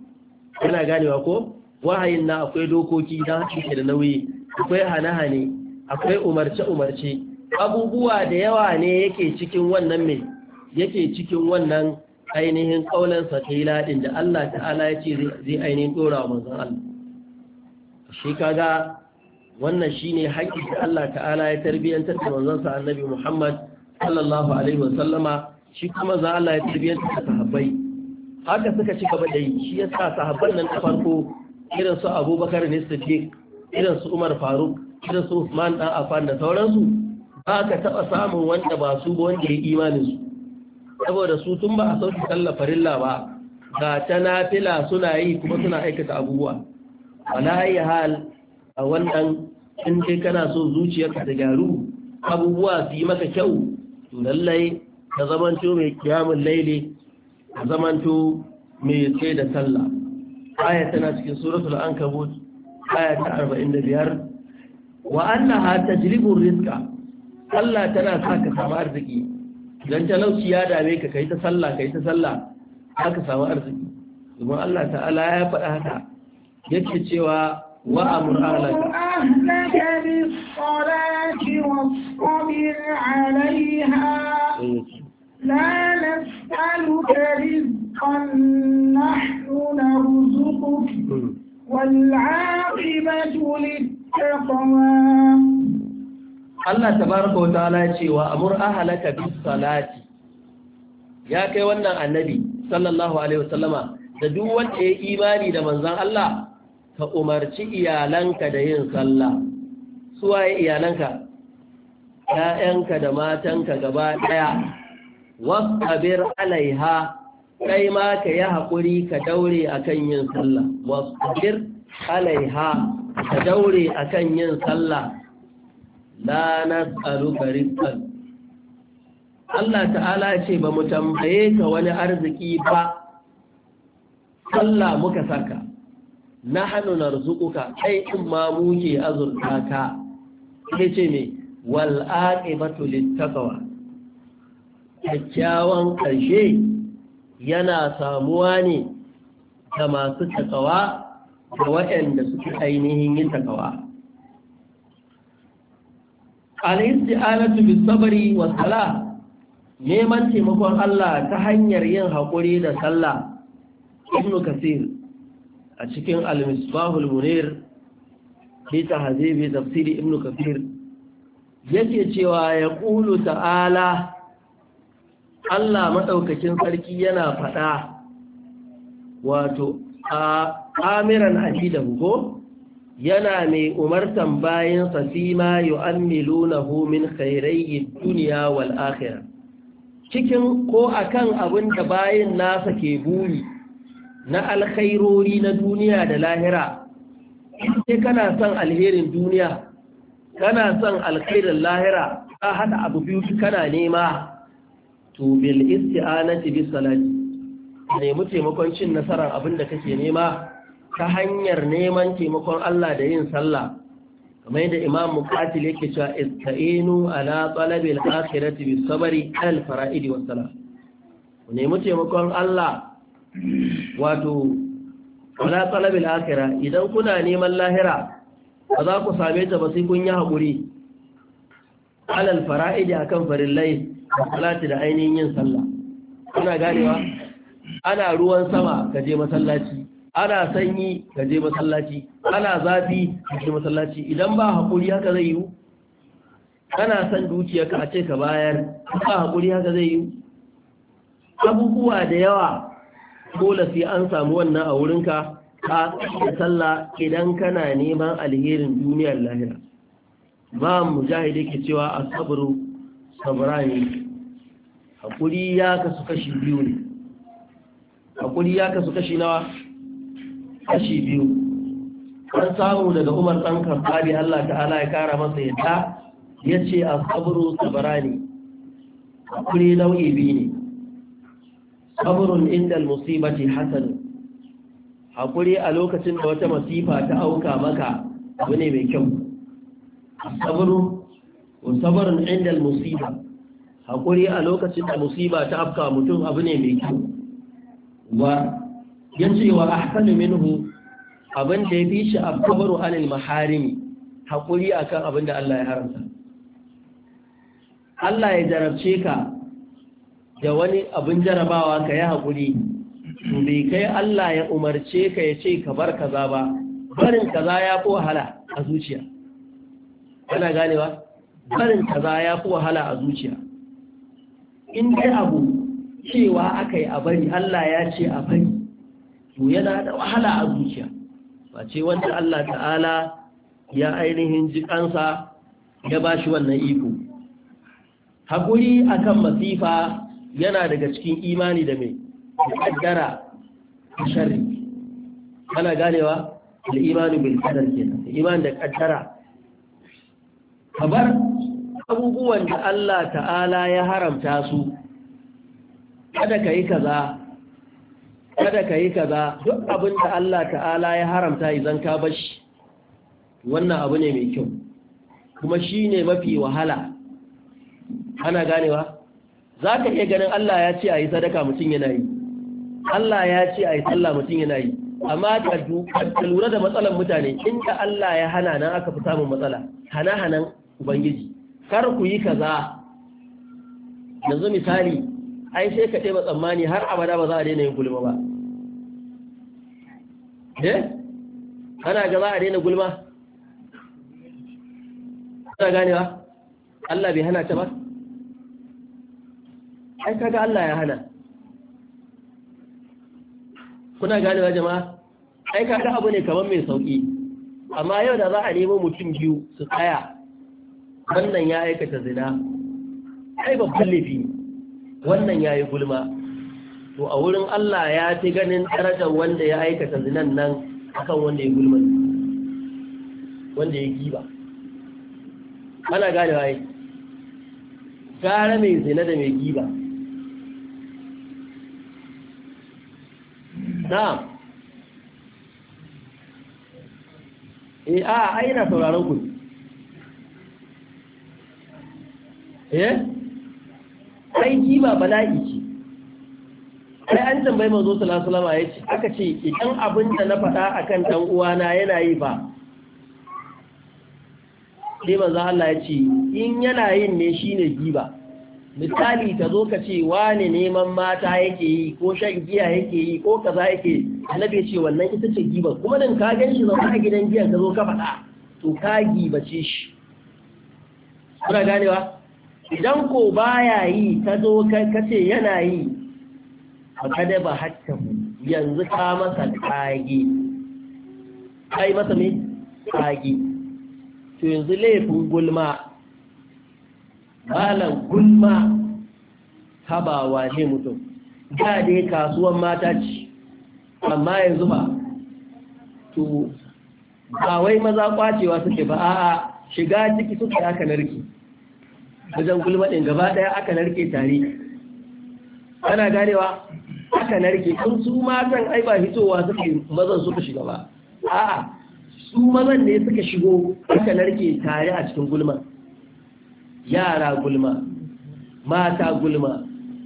kuna ganewa ko wahayin na akwai dokoki don haka da nauyi akwai hane-hane akwai umarce-umarce abubuwa da yawa ne yake cikin wannan mai yake cikin wannan ainihin kaulansa ta yi laɗin da Allah ta'ala ya ce zai ainihin ɗora wa manzan Allah shi kaga wannan shi ne haƙƙi da Allah ta'ala ya tarbiyyantar da manzansa annabi Muhammad sallallahu alaihi wasallama shi kuma za Allah ya tarbiyyantar da sahabbai haka suka ci gaba da yi shi yasa sahabban nan ta farko irin su Abubakar ne Siddiq irin su Umar Faruk irin su Usman dan Afan da sauransu ba ka taba samun wanda ba su ba wanda ya imanin su saboda su tun ba a sauki sallah farilla ba ga ta nafila suna yi kuma suna aikata abubuwa wala ya hal a wannan in dai kana so zuciyarka ta gyaru abubuwa su yi maka kyau lallai ka zamanto mai kiyamun laili zamanto mai tsaye da sallah aya tana cikin suratul ankabut aya ta 45 wa annaha tajribu rizqa sallah tana sa ka samu arziki idan talauci ya dame ka kai ta sallah kai ta sallah aka samu arziki domin Allah ta'ala ya faɗa haka yake cewa wa amur ahlaka bis-salati was-sabir 'alayha eh. la نسألك رزقا نحن نرزقك والعاقبة للتقوى Allah tabaraka wa ta'ala cewa amur ahalaka bis salati ya kai wannan annabi sallallahu alaihi wasallama da duk wanda ya imani da manzon Allah ka umarci iyalanka da yin sallah su waye iyalanka ƴaƴanka da matanka gaba ɗaya wasabir alaiha kai ma ka yi haƙuri ka daure a kan yin sallah wasabir alaiha ka daure a kan yin sallah la nas'aluka rizqan Allah ta'ala ce ba mu tambaye ka wani arziki ba sallah muka saka na hannu na rizukuka kai in ma muke azurta ka ce me wal aqibatu littaqwa kyakkyawan ƙarshe yana samuwa ne da masu takawa da waɗanda suke ainihin yin takawa Alisti alatu bi sabari wa sala neman taimakon Allah ta hanyar yin haƙuri da sallah ibn kasir a cikin al-misbahul munir fi tahzibi tafsir ibn kasir yake cewa ya ƙulu ta'ala Allah maɗaukakin sarki yana faɗa wato a amiran hadidahu ko yana mai umartan bayan fi ma yu'ammilunahu min homin dunya wal akhirah cikin ko akan abin da bayan nasa ke buri na alkhairori na duniya da lahira sai kana son alherin duniya kana son alkhairin lahira ka hada abu biyu kana nema to bil isti'anati bis salati nemi taimakon cin nasarar abin da kake nema ta hanyar neman taimakon Allah da yin sallah kamar yadda imam muqatil yake cewa ista'inu ala talabil akhirati bis sabri al fara'id was salah nemi taimakon Allah wato ala talabil akhira idan kuna neman lahira ba za ku same ta ba sai kun yi haƙuri alal fara'id akan farillai da salati da ainihin yin sallah kuna ganewa ana ruwan sama ka je masallaci ana sanyi ka je masallaci ana zafi ka je masallaci idan ba hakuri haka zai yiwu kana san dukiyarka a ce ka bayar ba hakuri haka zai yiwu abubuwa da yawa dole sai an samu wannan a wurinka ka da sallah idan kana neman alherin duniyar lahira ba mujahidi ke cewa asabru tabrani hakuri ya kasu kashi biyu ne hakuri ya kasu kashi nawa kashi biyu an samu daga umar ɗan karfari Allah ta'ala ya kara masa yadda ya ce a saburu tabarani Hakuri nau'i biyu ne saburun inda musibati hasan Hakuri a lokacin da wata masifa ta auka maka abu ne mai kyau saburu wa indal musiba hakuri a lokacin da musiba ta afka mutum abu ne mai kyau wa yace wa ahsanu minhu abin da fi shi afkabaru anil maharimi a kan abin da Allah ya haramta Allah ya jarabce ka da wani abin jarabawa ka yi hakuri bai kai Allah ya umarce ka ya ce ka bar kaza ba barin kaza ya ko wahala a zuciya kana ganewa barin kaza ya fi wahala a zuciya in dai abu cewa aka yi a bari Allah ya ce a bari to yana da wahala a zuciya ba ce wanda Allah ta'ala ya ainihin jikansa ya ba shi wannan iko haƙuri akan masifa yana daga cikin imani da mai ƙaddara shari ana ganewa da imani bil ke kenan imani da ƙaddara kabar abubuwan da Allah ta'ala ya haramta su kada ka yi kaza kada ka yi kaza duk abin da Allah ta'ala ya haramta idan ka bashi wannan abu ne mai kyau kuma shi ne mafi wahala ana ganewa za ka iya ganin Allah ya ce a yi sadaka mutum yana yi Allah ya ce a yi sallah mutum yana yi amma ka lura da matsalan mutane inda Allah ya hana nan aka fi samun matsala hana-hanan ubangiji kar ku yi kaza yanzu misali ai sai ka ɗeba tsammani har abada ba za a daina yin gulma ba eh Kana ga za a daina gulma gane ba? Allah bai hana ta ba ai kaga Allah ya hana kuna gane ba jama'a ai kaga abu ne kamar mai sauki amma yau da za a nemo mutum biyu su tsaya wannan ya aikata zina ai babban laifi wannan ya yi gulma to a wurin Allah ya fi ganin darajar wanda ya aikata zinan nan akan wanda ya gulma wanda ya giba ana gane waye gara mai zina da mai giba na e eh, a aina sauraron ku eh ai giba bala'i ce Sai an tambayi salatu lama ya ce. aka ce idan abin da na faɗa akan dan uwana yana yi ba sai manzo Allah ya ce in yana yin ne shine giba misali ta zo ka ce wane neman mata yake yi ko shan giya yake yi ko kaza yake annabi ce wannan ita ce giba kuma dan ka ganshi zama a gidan giya ka zo ka faɗa to ka gibace shi kuna ganewa idan ko baya yi ta zo kace yana yi kada ba hatta yanzu ka masa kage kai masa me kage to yanzu laifin gulma balan gulma habawa ne mutum da dai kasuwan mata ce amma yanzu ba to ba wai maza kwacewa suke ba a'a shiga ciki suke aka narki wajen gulma ɗin gaba ɗaya aka narke tare ana ganewa aka narke kun su matan ai ba suka mazan suka shiga ba a'a su mazan ne suka shigo aka narke tare a cikin gulma yara gulma mata gulma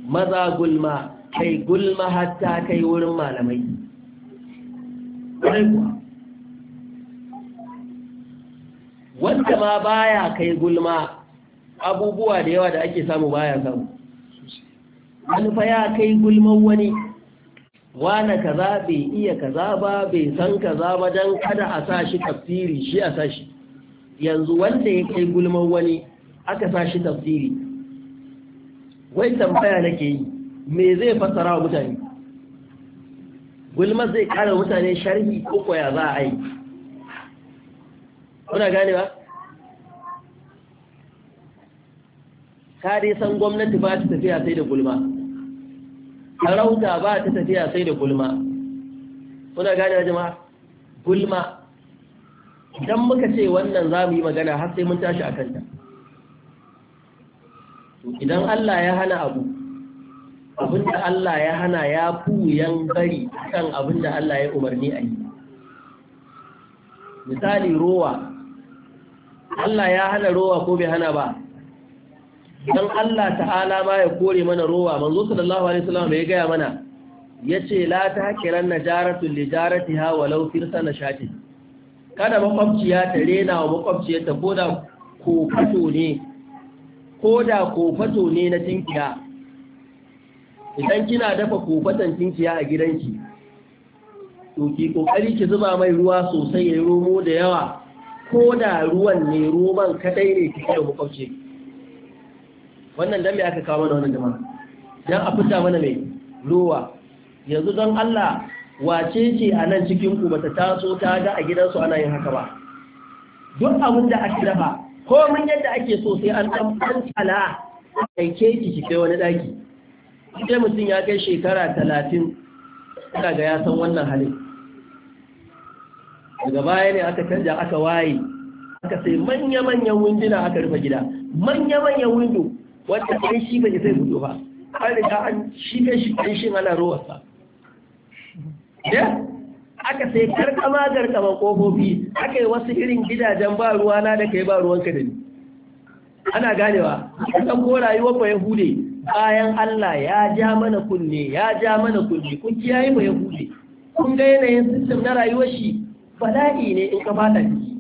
maza gulma kai gulma hatta kai wurin malamai wanda ma baya kai gulma abubuwa da yawa da ake samu baya samu manufa ya kai gulman wani wane kaza bai iya kaza ba bai san kaza ba don kada a sa shi tafsiri shi a sa shi yanzu wanda ya kai gulman wani aka sa shi tafsiri wai tambaya nake yi me zai fassara wa mutane gulman zai kara mutane sharhi ko koya za a yi kuna gane ba ka dai san gwamnati ba ta tafiya sai da gulma sarauta ba ta tafiya sai da gulma kuna gane wa jama'a gulma idan muka ce wannan za mu yi magana har sai mun tashi a kanta idan Allah ya hana abu abinda Allah ya hana ya yan bari kan abinda Allah ya umarni a yi misali rowa Allah ya hana rowa ko bai hana ba dan Allah ta'ala ma ya kore mana rowa manzo sallallahu alaihi wasallam ya gaya mana yace la ta hakiran najaratu li jaratiha walau firsa nashati kada makwabciya ta rena wa boda ko fato ne koda fato ne na tinkiya idan kina dafa kofatan tinkiya a gidanki to ki kokari ki zuba mai ruwa sosai ya romo da yawa koda ruwan ne roman kadai ne ki kai makwabciya wannan dan me aka kawo mana wannan jama'a dan a fita mana mai ruwa yanzu don Allah wace ce a nan cikin ku bata taso ta ga a gidansu ana yin haka ba duk abin da ake dafa ko mun yadda ake so sai an dan tsala kai ke ki kai wani daki sai mutum ya kai shekara 30 kaga ya san wannan hali. daga baya ne aka canja aka waye aka sai manya-manyan winduna aka rufe gida manya-manyan windo wanda ɗan shi bai zai gudu ba an riga an shi kan shi ɗan shi ana rowarsa aka sai karkama garkama kofofi aka yi wasu irin gidajen ba ruwa na da kai ba ka da ni ana ganewa kan ko rayuwar ba yahude bayan Allah ya ja mana kunne ya ja mana kunne kun kiyaye ba yahude kun ga yanayin sistem na rayuwar shi bala'i ne in ka fada ciki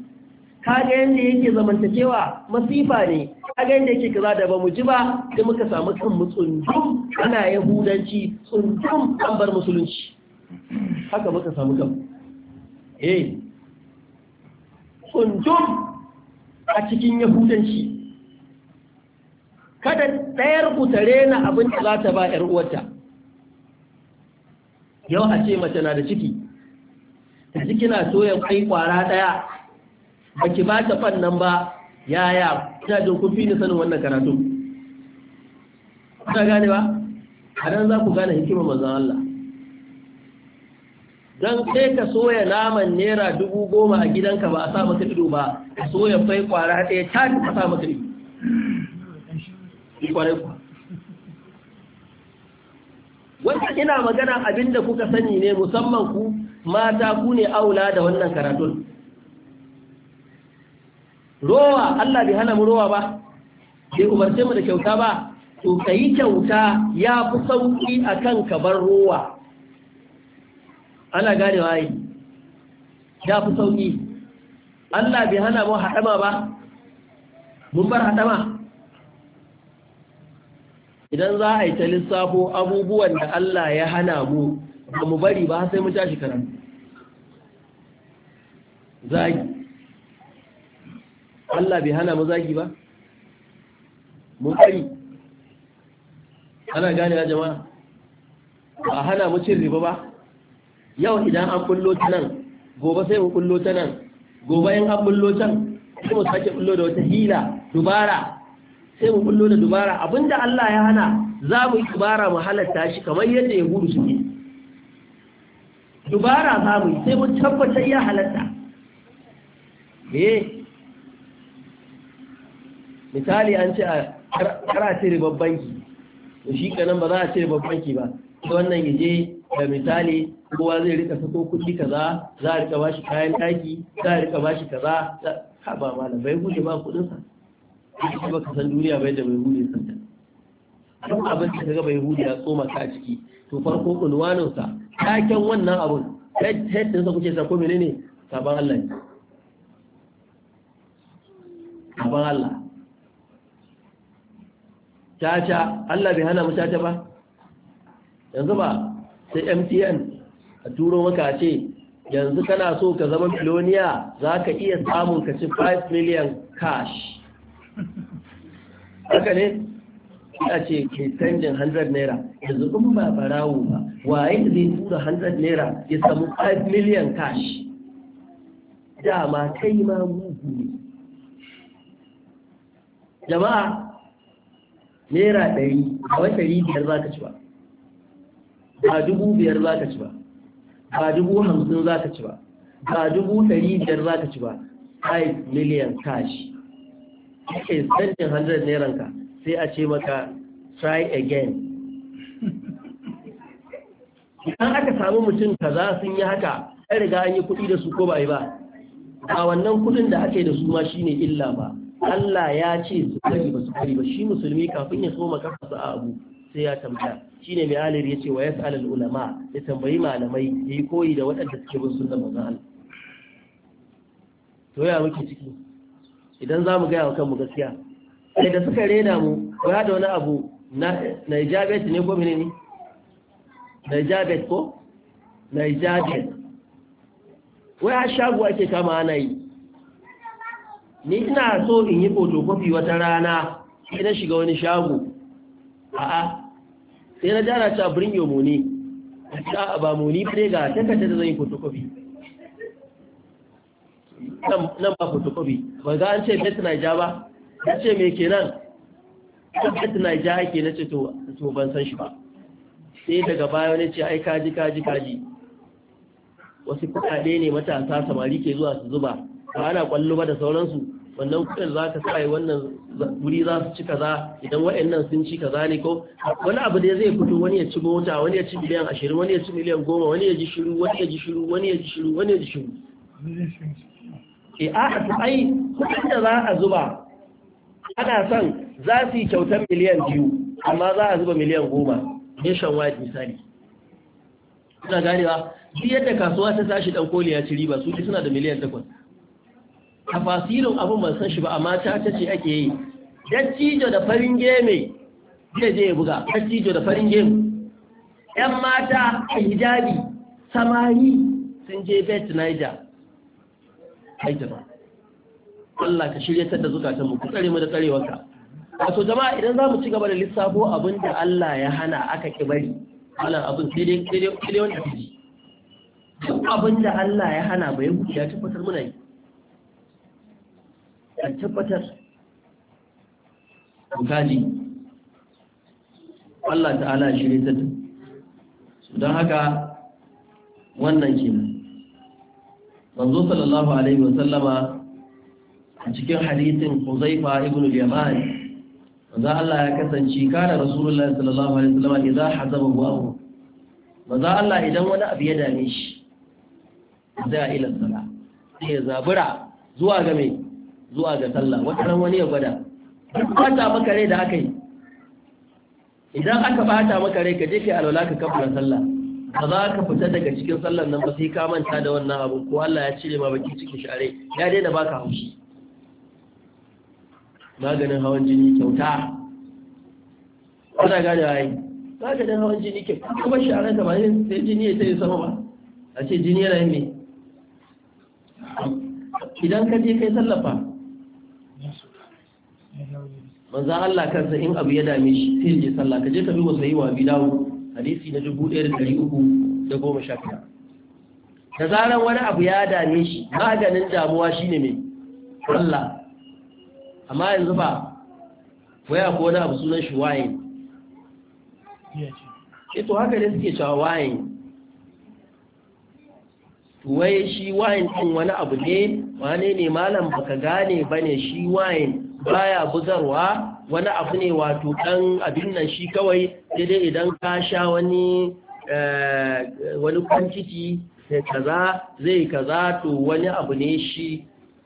kaga yadda yake zamantakewa masifa ne kaga yadda yake kaza da ba mu ji ba sai muka samu kan mu tsundum ana yahudanci tsundum an bar musulunci haka muka samu kan eh tsundum a cikin yahudanci kada ɗayar ku ta rena abin da za ta ba ‘yar uwarta yau a ce mace na da ciki ta ciki na soya kwai kwara ɗaya ba ki ba ta fannan ba yaya ina jin ku fi ni sanin wannan karatu ta gane ba a nan za ku gane hikimar manzon Allah dan sai ka soya naman naira dubu goma a gidanka ba a sa maka ido ba ka soya fai kwara ɗaya ta ka sa maka ido wanda ina magana abinda kuka sani ne musamman ku mata ku ne aula da wannan karatun rowa Allah bai hana mu rowa ba bai umarce mu da kyauta ba to ka yi kyauta ya fi sauƙi a kan kabar rowa ana gane waye ya fi sauƙi Allah bai hana mu haɗama ba mun bar haɗama idan za a yi ta lissafo abubuwan da Allah ya hana mu ba mu bari ba sai mu tashi karanta zagi Allah bai hana mu zagi ba mun bari ana gane ya jama'a ba a hana mu cin riba ba yau idan an kullo ta nan gobe sai mu kullo ta nan gobe in an kullo can sai mu sake kullo da wata hila dubara sai mu kullo da dubara abinda Allah ya hana za mu yi dubara mu halatta shi kamar yadda ya gudu suke dubara za mu yi sai mun tabbatar ya halatta eh misali an ce a kara ce ribar banki da shi kanan ba za a ce ribar banki ba ta wannan yaje da misali kowa zai rika sako kudi kaza za a rika ba shi kayan ɗaki za a rika ba shi kaza a ba ma bai hude ba kuɗin sa ba ka san duniya bai da bai hude sa duk abin da kaga bai hudu ya tsoma ka ciki to farko kunwanin sa taken wannan abun head head din sa kuke sa ko menene saban Allah ne saban Allah caca Allah bai hana mu caca ba yanzu ba sai MTN a turo maka ce yanzu kana so ka zama miloniya za ka iya samun ka ci 5 million cash haka ne a ce ke canjin 100 naira yanzu kuma ba barawo ba waye zai tura 100 naira ya samu 5 million cash dama kai ma mugu ne jama'a naira ɗari a wata biyar za ka ci ba ba dubu biyar za ka ci ba ba dubu hamsin za ka ci ba ba dubu ɗari biyar za ka ci ba 5 miliyan cash ake hundred 100 ka, sai a ce maka try again idan aka samu mutum za sun yi haka ya riga an yi kuɗi da su ko ba yi ba a wannan kuɗin da ake da su ma shine illa ba Allah ya ce su kari ba su kari ba shi musulmi kafin ya soma kafa a abu sai ya tambaya shine mai alir ya ce wa ya sa'alal ulama ya tambayi malamai ya yi koyi da waɗanda suke bin sunna manzon Allah to ya muke ciki idan za mu gaya wa kanmu gaskiya sai da suka rena mu ko ya da wani abu na ijabet ne ko menene na ijabet ko na wai a shago ake kama ana yi ni ina so in yi fotokofi wata rana sai na shiga wani shago a'a sai na jara ta bring your money a ba money bare ga takarda da zan yi fotokofi nan ba fotokofi ba ga an ce bet naija ba ya ce me kenan bet naija ake na ce to ban san shi ba sai daga baya wani ce ai kaji kaji kaji wasu kuɗaɗe ne matasa samari ke zuwa su zuba ba ana kwallo ba da sauransu wannan kudin za ka sa wannan wuri za su ci kaza idan nan sun ci kaza ne ko wani abu da zai fito wani ya ci mota wani ya ci miliyan ashirin wani ya ci miliyan goma wani ya ji shiru wani ya ji shiru wani ya ji shiru wani ya ji shiru ke eh, a haka ai kudin da za a zuba ana son za su yi kyautar miliyan biyu amma za a zuba miliyan goma nation wide misali kuna ganewa duk yadda kasuwa ta tashi dan koli ya ci riba su suna da miliyan takwas tafasirin abin ban san shi ba amma ta ta ce ake yi dattijo da farin geme zai je ya buga dattijo da farin geme ‘yan mata a hijabi samari sun je bet niger haijama Allah ka shirya da zukatan mu tsare mu da tsarewarka wato jama'a idan za mu ci gaba da lissafo abin da Allah ya hana aka ki bari wannan abin sai dai wanda ji duk abin da Allah ya hana bai hukunta ya tabbatar muna yi an tabbatar gani Allah ta'ala shirye ta don haka wannan ke manzo sallallahu alaihi wasallama a cikin hadisin Huzaifa ibn al yamani manzo Allah ya kasance kana Rasulullahi sallallahu alaihi wasallama idan hazaba wahu manzo Allah idan wani abu ya dame shi zai ila sala sai ya zabura zuwa ga mai zuwa ga sallah wata ran wani ya gwada bata maka rai da aka yi idan aka bata maka rai ka je ka alwala ka kafa sallah ba za ka fita daga cikin sallar nan ba sai ka manta da wannan abu ko Allah ya cire ma baki cikin share ya daina baka haushi maganin hawan jini kyauta kuna gane ai maganin hawan jini kyauta kuma share da bayan sai jini ya sai sama ba a ce jini yana yin ne. idan ka je kai sallafa manzan Allah kansa in abu ya dame shi sai je sallah ka je ka bi wasu yi bi dawo hadisi na dubu ɗaya da ɗari uku da goma sha biyar da zaran wani abu ya dame shi maganin damuwa shine mai Allah amma yanzu ba waya ko wani abu sunan shi waye ce eh, to haka ne suke cewa waye wai shi waye ɗin wani abu ne wane ne malam baka gane bane shi waye baya buzarwa wani abu ne wato ɗan abin nan shi kawai daidai idan ka sha wani eh, wani kwanciki kaza zai kaza to wani abu ne shi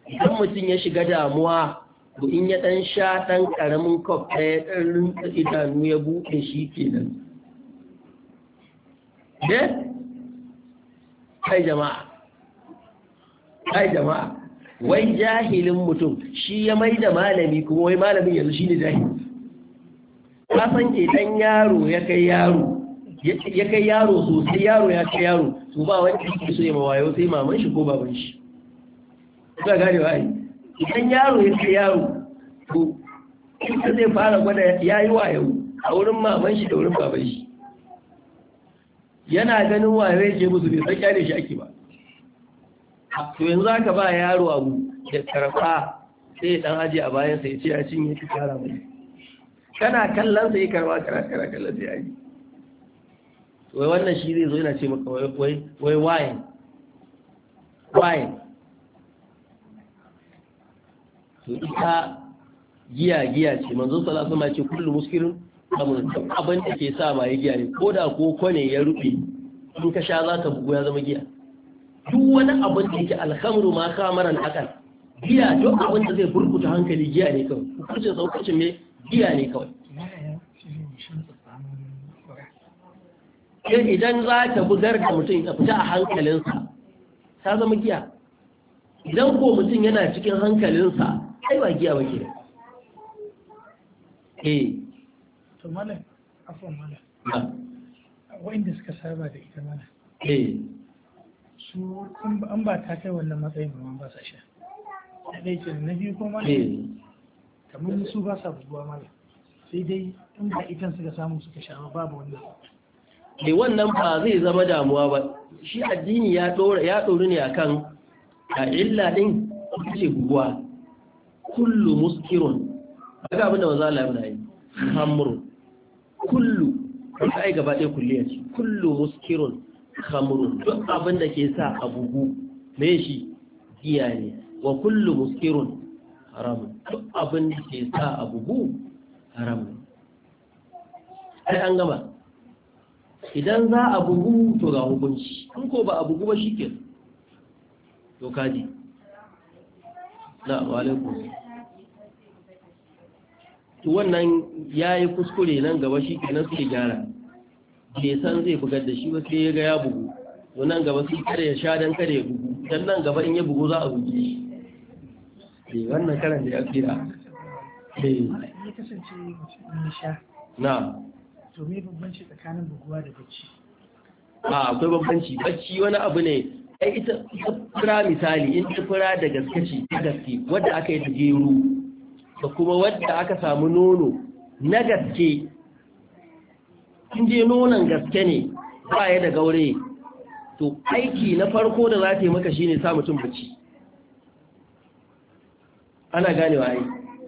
idan mutum ya shiga damuwa to in ya ɗan sha ɗan ƙaramin kwaf ɗaya ɗan rinta idanu ya buɗe shi kenan ne? Eh? kai jama'a kai jama'a wai jahilin mutum shi ya mai da malami kuma wai malamin yanzu shi ne jahil kasan ke dan yaro ya kai yaro ya kai yaro sosai yaro ya kai yaro to ba wani ke so ya mawayo sai maman shi ko baban shi kuka gane wa ai yaro ya kai yaro to ita zai fara gwada ya yi wayo a wurin maman shi da wurin baban shi yana ganin wayo ya ce musu bai san kyale shi ake ba to yanzu aka ba yaro abu da karfa sai dan aje a bayan sai ce ya cinye ki kara mai kana kallon sai karwa kara kara kallon sai aje wai wannan shi zai zo yana ce maka wai wai wai wai wai to ita giya giya ce manzo sallallahu alaihi wasallam ce kullu muskirin abin da ke sa ma giya ne ko da ko kone ya rufe in ka sha za ka bugu ya zama giya duk wani abin da yake alhamru ma kamaran akal giya duk abin da zai burkuta hankali giya ne kawai hukuncin saukacin me giya ne kawai idan za ta bugar da mutum ya fita a hankalinsa ta zama giya idan ko mutum yana cikin hankalinsa ai ba giya ba ke eh to malam afon malam wa'inda suka saba da ita malam eh su an ba ta kai wannan matsayin ba ba sa sha na ɗaya ke na biyu kuma eh. kamar su ba sa buguwa mala sai dai in ba itan suka samu suka sha ba babu wannan da eh, wannan ba zai zama damuwa ba shi addini ya ɗori ne akan a illa ɗin ce guguwa kullu muskirun daga abinda wanzu Allah ya muna yi hamuru kullu gaba ɗaya kulliya ce kullu muskirun khamrun duk abin da ke sa abubu me shi giya ne wa kullu muskirun haram duk abin da ke sa abubu haram ai an gama idan za a bugu to ga hukunci in ko ba a bugu ba shike to kaji na alaikum to wannan yayi kuskure nan gaba shike nan suke gyara bai san zai bugar da shi wasu ya ga ya bugu to nan gaba sun kare ya sha don kare bugu don nan gaba in ya bugu za a bugi. shi ne eh, wannan karan da ya fira eh ya kasance ya sha na to me bambanci tsakanin buguwa da bacci a akwai bambanci bacci wani abu ne ai ita fura misali in ta fura da gaske ta gaske wadda aka yi ta jeru da kuma wadda aka samu nono na gaske inda je nonon gaske ne ba ya da gaure to aiki na farko da za ta yi maka shi ne sa mutum bacci ana ganewa ai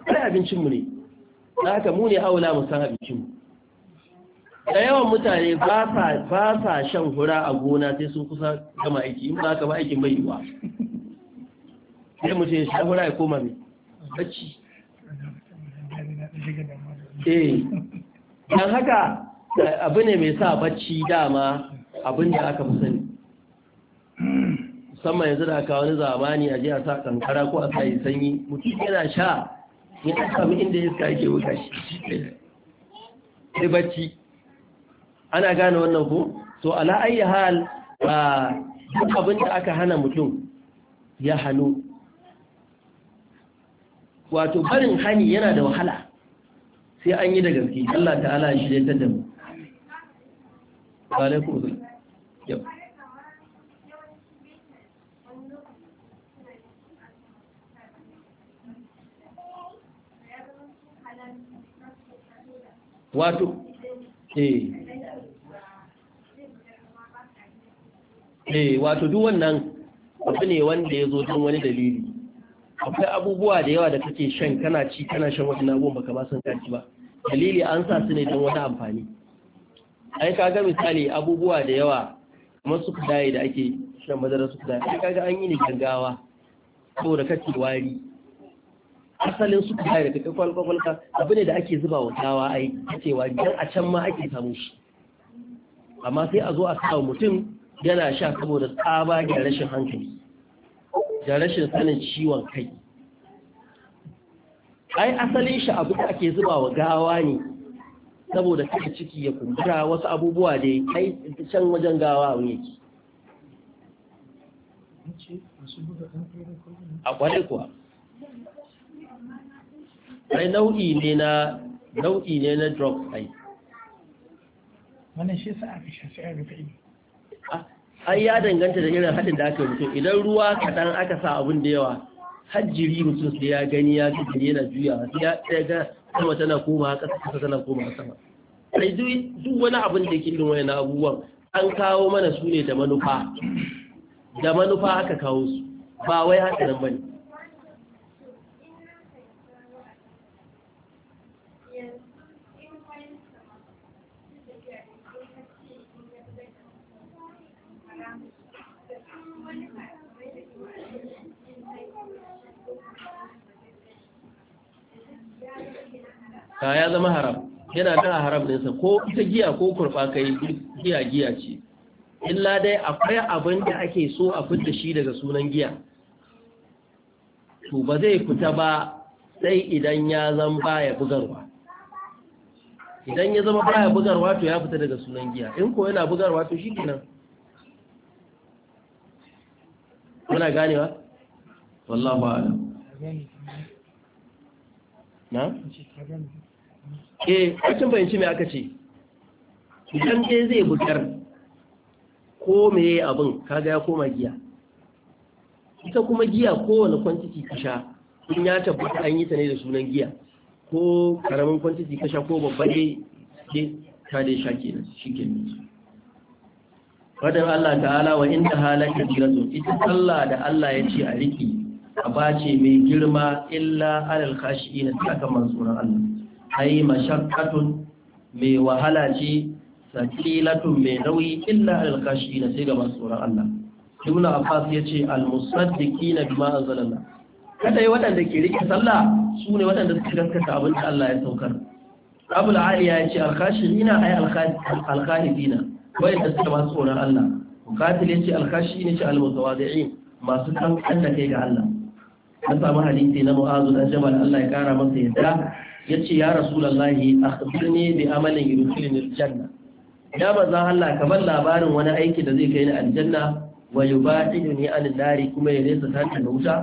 kai abincinmu ne za ka mu ne haula mu san abincinmu da yawan mutane ba sa shan hura a gona sai sun kusa gama aiki in ba ka ba aikin bai yiwa sai mutum ya shan hura ya koma mai bacci eh don haka abu ne mai sa bacci dama abin da aka fi sani musamman yanzu da kawo wani zamani a jiya sa kankara ko a sa yi sanyi mutum yana sha ya sami inda ya sa yake wuka shi sai bacci ana gane wannan ko to ala ayi hal ba duk abin da aka hana mutum ya hannu wato barin hani yana da wahala sai an yi da gaske Allah ta'ala shi da ta damu yau wato eh. Eh, wato duk wannan abu ne wanda ya zo don wani dalili akwai abubuwa da yawa da kake shan kana ci kana shan wani ba baka ba san kaci ba dalili an sa su ne don wani amfani ai kaga misali abubuwa da yawa kamar su dai da ake shan madara su dai ai kaga an yi ne gangawa saboda kace wari asalin su dai da kake kwalkwalka abu ne da ake zuba wa gawa ai kace wari dan a can ma ake samu shi amma sai a zo a sa mutum yana sha saboda tsaba da rashin hankali da rashin sanin ciwon kai ai asalin shi abu da ake zuba wa gawa ne saboda kai ciki ya kumbura wasu abubuwa da ya kai can wajen gawa a yake a kwarai kuwa ai nau'i ne na nau'i ne na drug ai wannan shi sa aka shafi a rufe ah, ai ya danganta da irin haɗin da aka yi mutum idan ruwa kaɗan aka sa abin da yawa hajjiri mutum sai ya gani ya gani yana juya sai ya ga sama tana koma ƙasa ƙasa tana koma sama sai duk wani abin da ke irin wayan abubuwan an kawo mana su ne da manufa da manufa aka kawo su ba wai haka nan bane ka ya zama haram yana da haram sa ko ita giya ko kurba kai giya giya ce illa dai akwai abin da ake so a fita shi daga sunan giya to ba zai fita ba sai idan ya zama baya bugarwa idan ya zama baya bugarwa to ya fita daga sunan giya in ko yana bugarwa to shi kenan muna ganewa wallahu a'lam na eh kin fahimci me aka ce idan dai zai bukar ko yi abin kaga ya koma giya ita kuma giya kowane kwantiti kasha in ya tabbata an yi ta ne da sunan giya ko karamin kwantiti kasha ko babba ne ta dai sha ke shi ke fadin Allah ta'ala wa inda halaka jiratu ita Allah da Allah ya ce a riki a bace mai girma illa alal ina ta kan mansuran Allah ai mashaqqatun mai wahala ce sakilatun mai nauyi illa alkashi na sai ga masu tsoron Allah ibn Abbas yace almusaddiqina bima anzalallah kada yi waɗanda ke rike sallah su ne waɗanda suka gaskata abin da Allah ya saukar Abu al-Aliya yace alkashirina ay alkhahidina wayanda suka masu tsoron Allah Muqatil yace alkashirina ce almutawadi'in masu kan da kai ga Allah an samu hadisi na Mu'azu da Jabal Allah ya kara masa yadda yace ya rasulullahi akhbirni bi amalin yudkhilni aljanna ya manzon Allah kamar labarin wani aiki da zai kai ni aljanna wa yubadini an nari kuma ya resa ta da wuta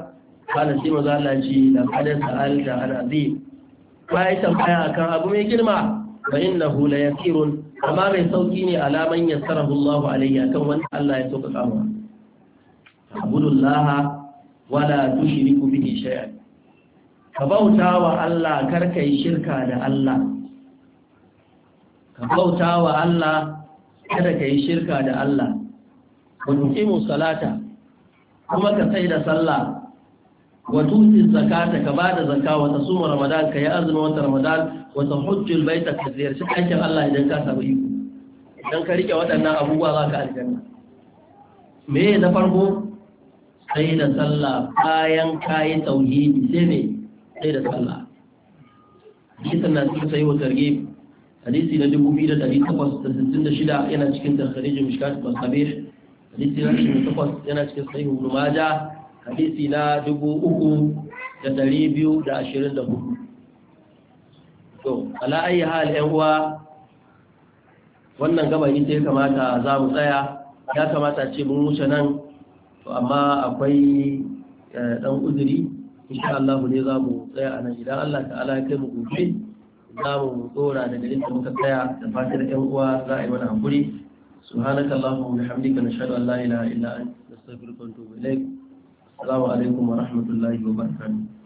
kana sai manzon Allah ce la qad sa'alta an azim tambaya akan abu mai girma na hula ya yakirun amma mai sauki ne alaman yassarahu Allah alayya kan wanda Allah ya sauka kama abudullah wala tushriku bihi shay'an ka bauta wa Allah karka yi shirka da Allah ka bauta wa Allah kada ka yi shirka da Allah wa tuqimu salata kuma ka sai da sallah wa tuti zakata ka bada zakka wa tasuma ramadan ka yi azumin wata ramadan wa hujjul baita ka ziyarci aikin Allah idan ka sabu iko idan ka rike waɗannan abubuwa za ka aljanna me na farko sai da sallah bayan kayi tauhidi sai ne sai da sallah hadisin na cikin sayi wa targhib hadisi na 2866 yana cikin tarkharij mishkat masabih hadisi na takwas yana cikin sayi ibn majah hadisi na 3224 to ala'ayi hal yan uwa wannan gaba yi sai kamata za mu tsaya ya kamata ce mun wuce nan to amma akwai dan eh, uzuri insha Allah ne za mu tsaya anan idan Allah ta'ala ya kai mu gobe za mu tsora daga inda muka tsaya da fatar yan uwa za a yi mana hankuri subhanaka allahumma wa bihamdika nashhadu an la ilaha illa anta nastaghfiruka wa natubu ilaik assalamu alaikum wa rahmatullahi wa barakatuh